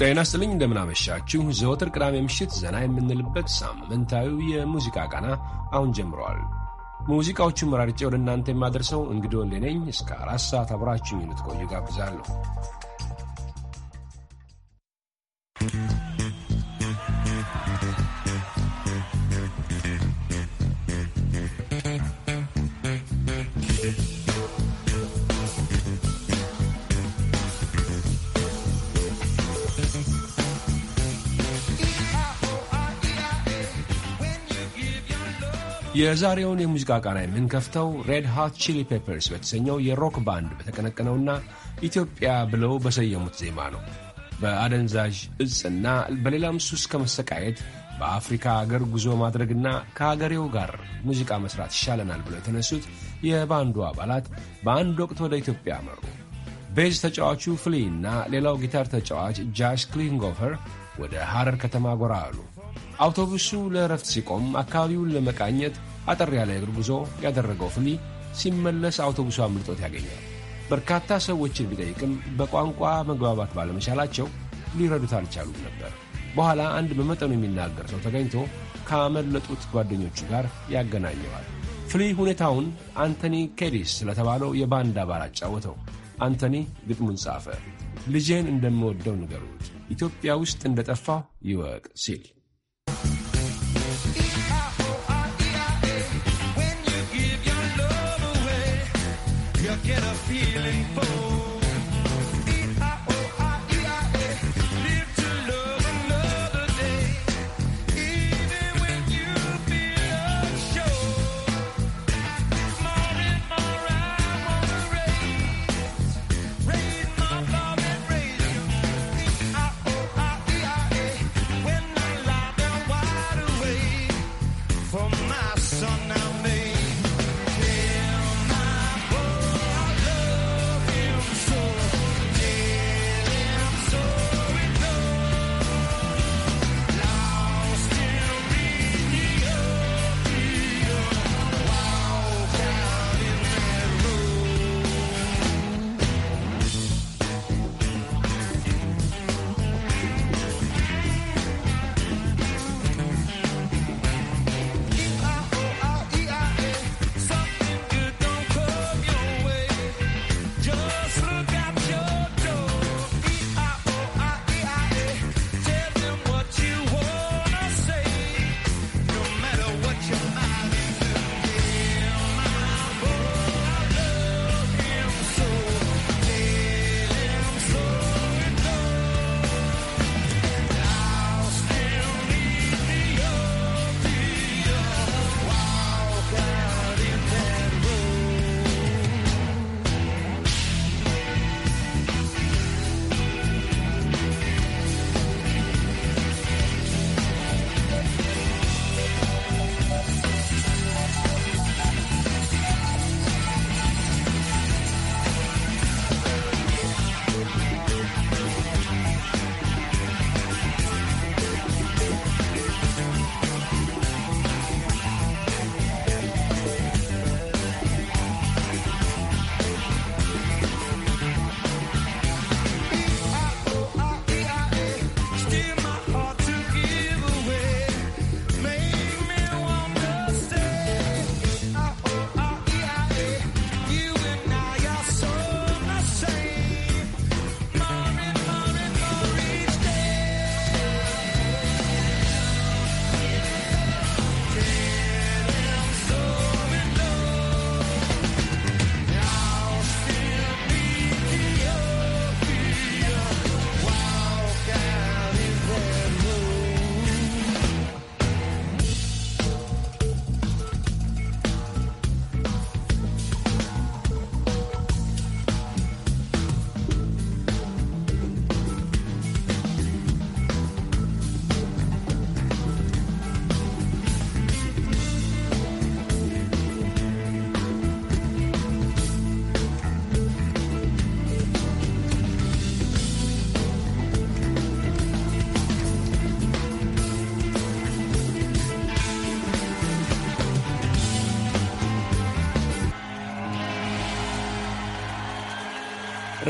ጤና ስጥልኝ እንደምናመሻችሁ። ዘወትር ቅዳሜ ምሽት ዘና የምንልበት ሳምንታዊው የሙዚቃ ቃና አሁን ጀምረዋል። ሙዚቃዎቹን መራርጬ ወደ እናንተ የማደርሰው እንግዲህ ወንዴ ነኝ። እስከ አራት ሰዓት አብራችሁ ልትቆዩ ጋብዛለሁ። የዛሬውን የሙዚቃ ቃና የምንከፍተው ሬድ ሃት ቺሊ ፔፐርስ በተሰኘው የሮክ ባንድ በተቀነቀነውና ኢትዮጵያ ብለው በሰየሙት ዜማ ነው። በአደንዛዥ እጽና በሌላም ሱስ ከመሰቃየት በአፍሪካ አገር ጉዞ ማድረግና ከአገሬው ጋር ሙዚቃ መስራት ይሻለናል ብለው የተነሱት የባንዱ አባላት በአንድ ወቅት ወደ ኢትዮጵያ አመሩ። ቤዝ ተጫዋቹ ፍሊ እና ሌላው ጊታር ተጫዋች ጃሽ ክሊንጎፈር ወደ ሐረር ከተማ ጎራ አሉ። አውቶቡሱ ለእረፍት ሲቆም አካባቢውን ለመቃኘት አጠር ያለ እግር ጉዞ ያደረገው ፍሊ ሲመለስ አውቶቡሱ አምልጦት ያገኛል። በርካታ ሰዎችን ቢጠይቅም በቋንቋ መግባባት ባለመቻላቸው ሊረዱት አልቻሉም ነበር። በኋላ አንድ በመጠኑ የሚናገር ሰው ተገኝቶ ካመለጡት ጓደኞቹ ጋር ያገናኘዋል። ፍሊ ሁኔታውን አንቶኒ ኬዲስ ስለተባለው የባንድ አባል አጫወተው። አንቶኒ ግጥሙን ጻፈ። ልጄን እንደምወደው ንገሩት፣ ኢትዮጵያ ውስጥ እንደጠፋሁ ይወቅ ሲል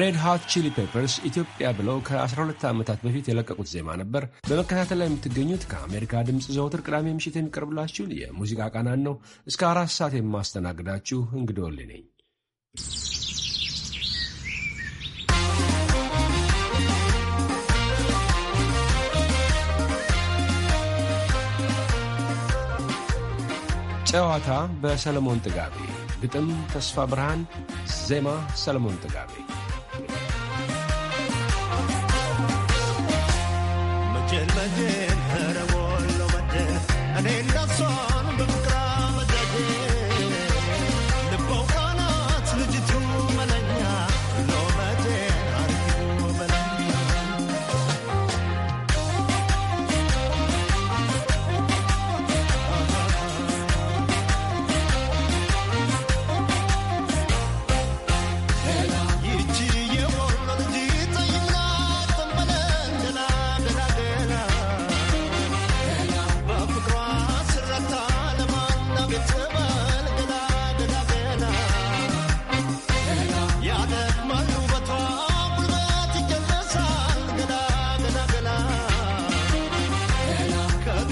ሬድ ሃት ቺሊ ፔፐርስ ኢትዮጵያ ብለው ከ12 ዓመታት በፊት የለቀቁት ዜማ ነበር። በመከታተል ላይ የምትገኙት ከአሜሪካ ድምፅ ዘወትር ቅዳሜ ምሽት የሚቀርብላችሁን የሙዚቃ ቃናን ነው። እስከ አራት ሰዓት የማስተናግዳችሁ እንግዶል ነኝ። ጨዋታ በሰለሞን ጥጋቤ፣ ግጥም ተስፋ ብርሃን፣ ዜማ ሰለሞን ጥጋቤ ayer.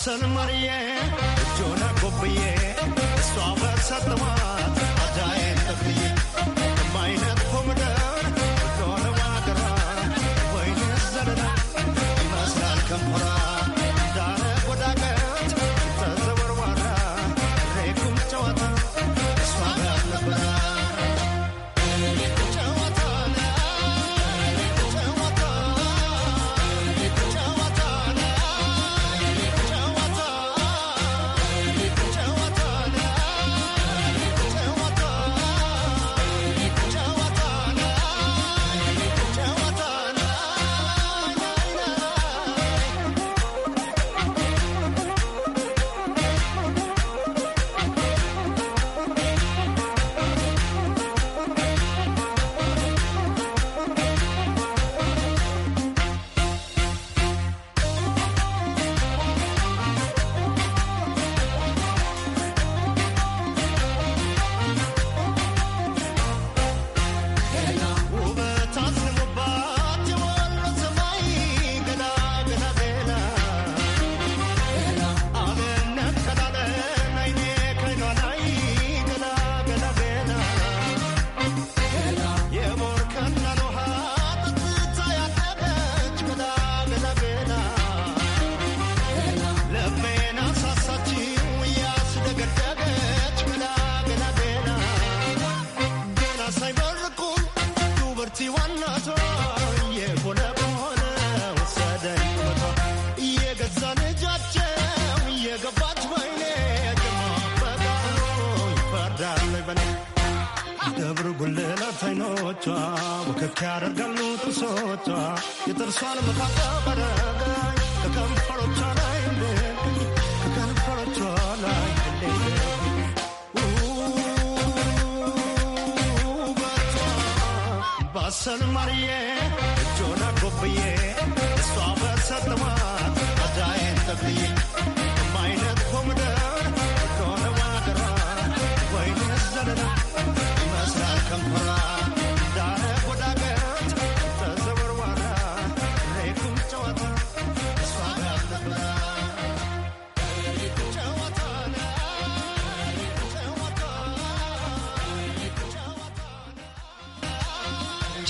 ಸನ್ಮರಿಯೇ ಜೋನ ಗೊಬ್ಬೆಯೇ ಸ್ವಾಗತ ಸತ್ವಾ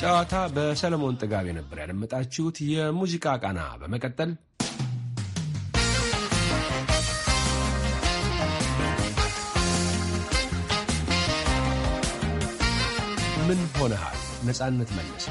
ጨዋታ በሰለሞን ጥጋቤ ነበር ያደመጣችሁት። የሙዚቃ ቃና በመቀጠል ምን ሆነሃል ነጻነት መለሰ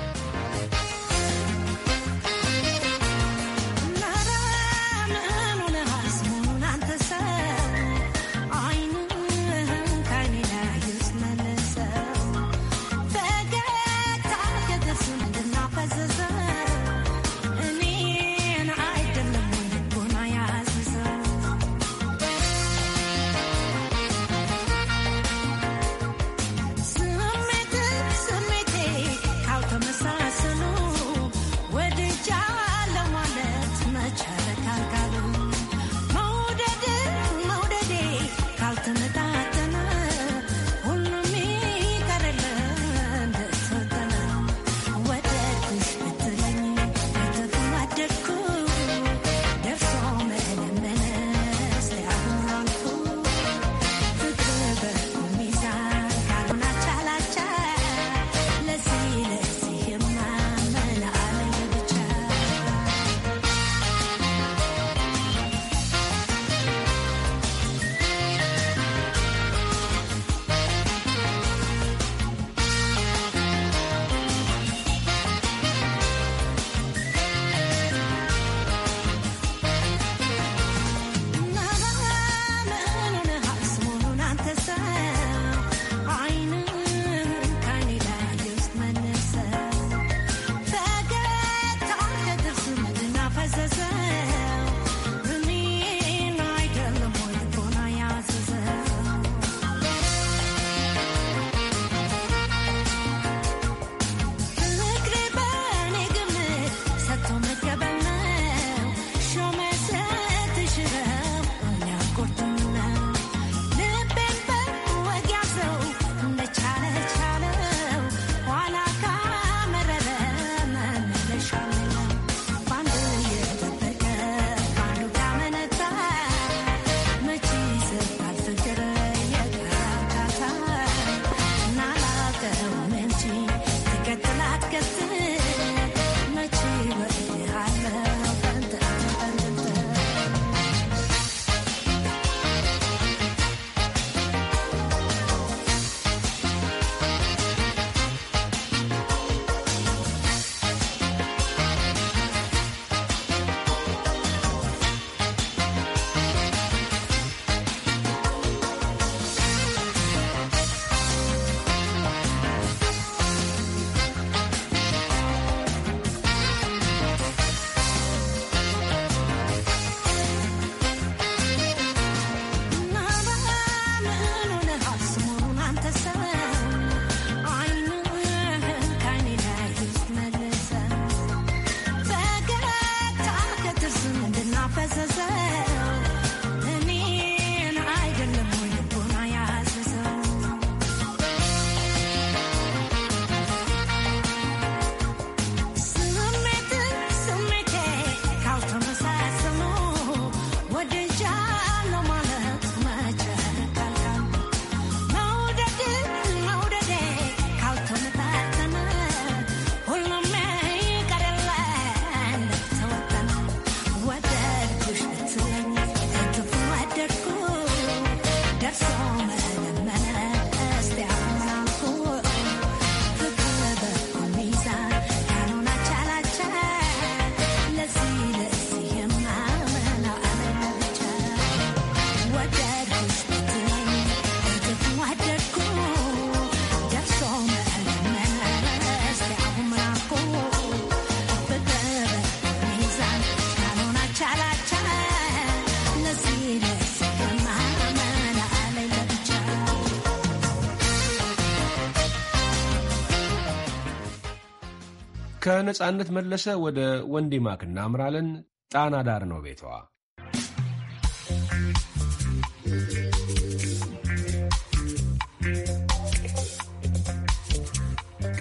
ከነፃነት መለሰ ወደ ወንዲማክ ማክ እናምራለን። ጣና ዳር ነው ቤቷ።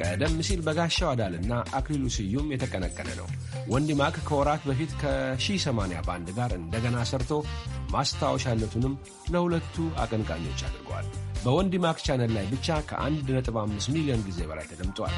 ቀደም ሲል በጋሻው አዳልና አክሊሉ ስዩም የተቀነቀነ ነው። ወንዲ ማክ ከወራት በፊት ከ1980 ባንድ ጋር እንደገና ሰርቶ ማስታወሻነቱንም ለሁለቱ አቀንቃኞች አድርጓል። በወንዲ ማክ ቻነል ላይ ብቻ ከ1.5 ሚሊዮን ጊዜ በላይ ተደምጧል።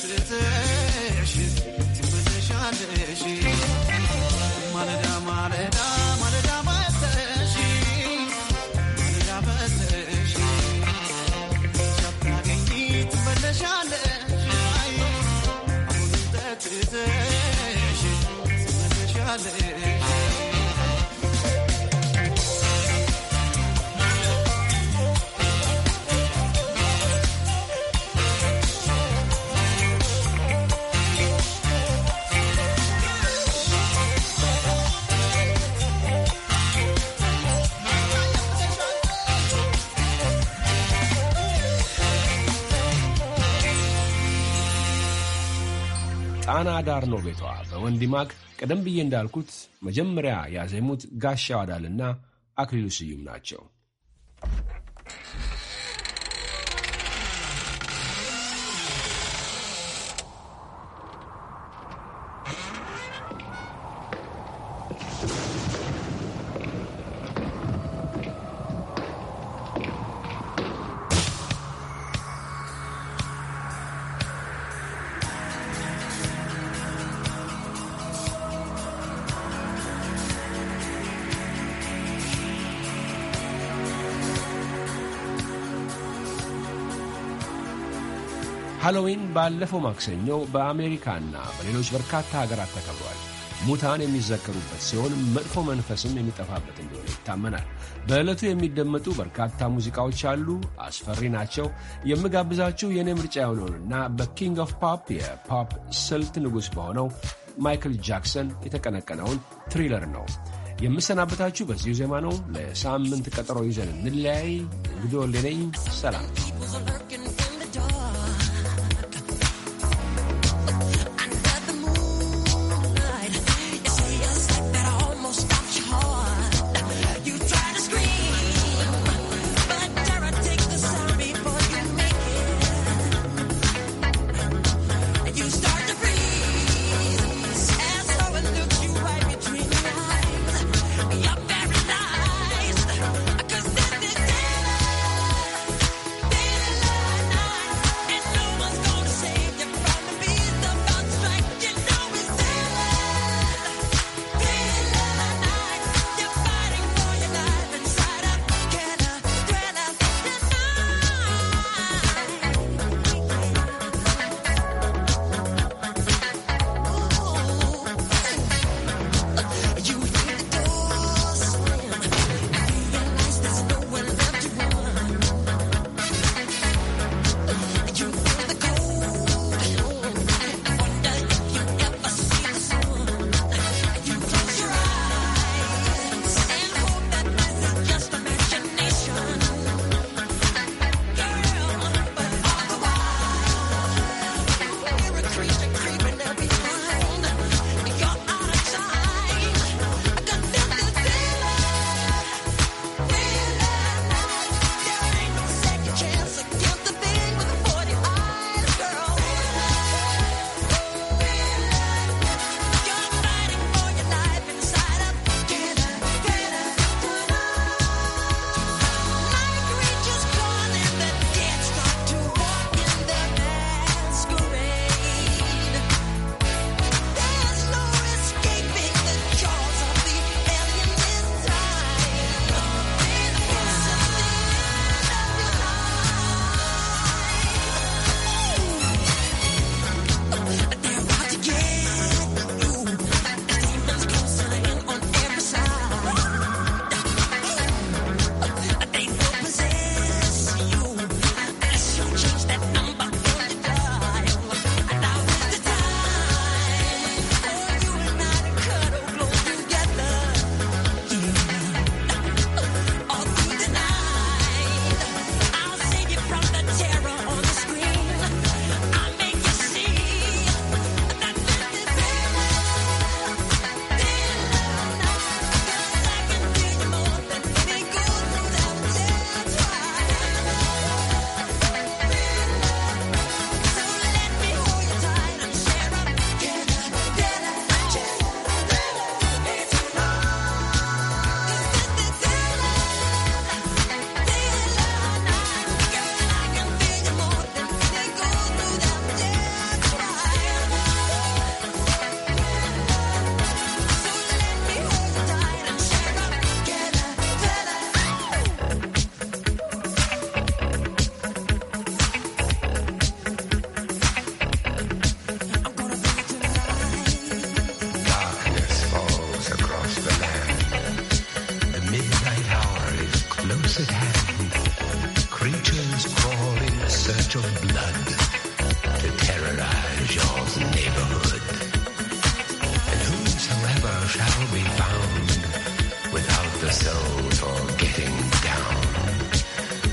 ስትዕሽ ትመለሻለሽ ማለዳማ ጣና ዳር ነው ቤቷ በወንዲማግ ቀደም ብዬ እንዳልኩት መጀመሪያ ያዜሙት ጋሻ ዋዳልና አክሊሉ ስዩም ናቸው። ሃሎዊን ባለፈው ማክሰኞ በአሜሪካና በሌሎች በርካታ ሀገራት ተከብሯል። ሙታን የሚዘከሩበት ሲሆን መጥፎ መንፈስም የሚጠፋበት እንደሆነ ይታመናል። በዕለቱ የሚደመጡ በርካታ ሙዚቃዎች አሉ፣ አስፈሪ ናቸው። የምጋብዛችሁ የእኔ ምርጫ የሆነውንና በኪንግ ኦፍ ፖፕ የፖፕ ስልት ንጉሥ በሆነው ማይክል ጃክሰን የተቀነቀነውን ትሪለር ነው። የምሰናበታችሁ በዚሁ ዜማ ነው። ለሳምንት ቀጠሮ ይዘን እንለያይ። እንግዲህ ወሌ ሰላም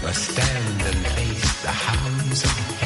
I stand and face the hounds of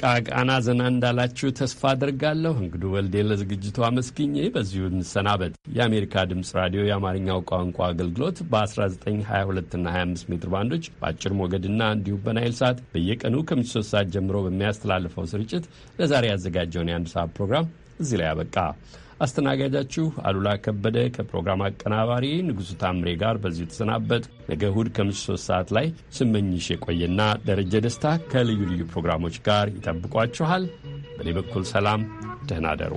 ሙዚቃ ቃና ዘና እንዳላችሁ ተስፋ አድርጋለሁ። እንግዱ ወልዴ ለዝግጅቱ አመስግኜ በዚሁ እንሰናበት። የአሜሪካ ድምፅ ራዲዮ የአማርኛው ቋንቋ አገልግሎት በ1922ና 25 ሜትር ባንዶች በአጭር ሞገድና እንዲሁም በናይል ሰዓት በየቀኑ ከምሽቱ 3 ሰዓት ጀምሮ በሚያስተላልፈው ስርጭት ለዛሬ ያዘጋጀውን የአንድ ሰዓት ፕሮግራም እዚህ ላይ አበቃ። አስተናጋጃችሁ አሉላ ከበደ ከፕሮግራም አቀናባሪ ንጉሡ ታምሬ ጋር በዚሁ ተሰናበት። ነገ እሁድ ከምሽቱ ሶስት ሰዓት ላይ ስመኝሽ የቆየና ደረጀ ደስታ ከልዩ ልዩ ፕሮግራሞች ጋር ይጠብቋችኋል። በእኔ በኩል ሰላም፣ ደህና ደሩ።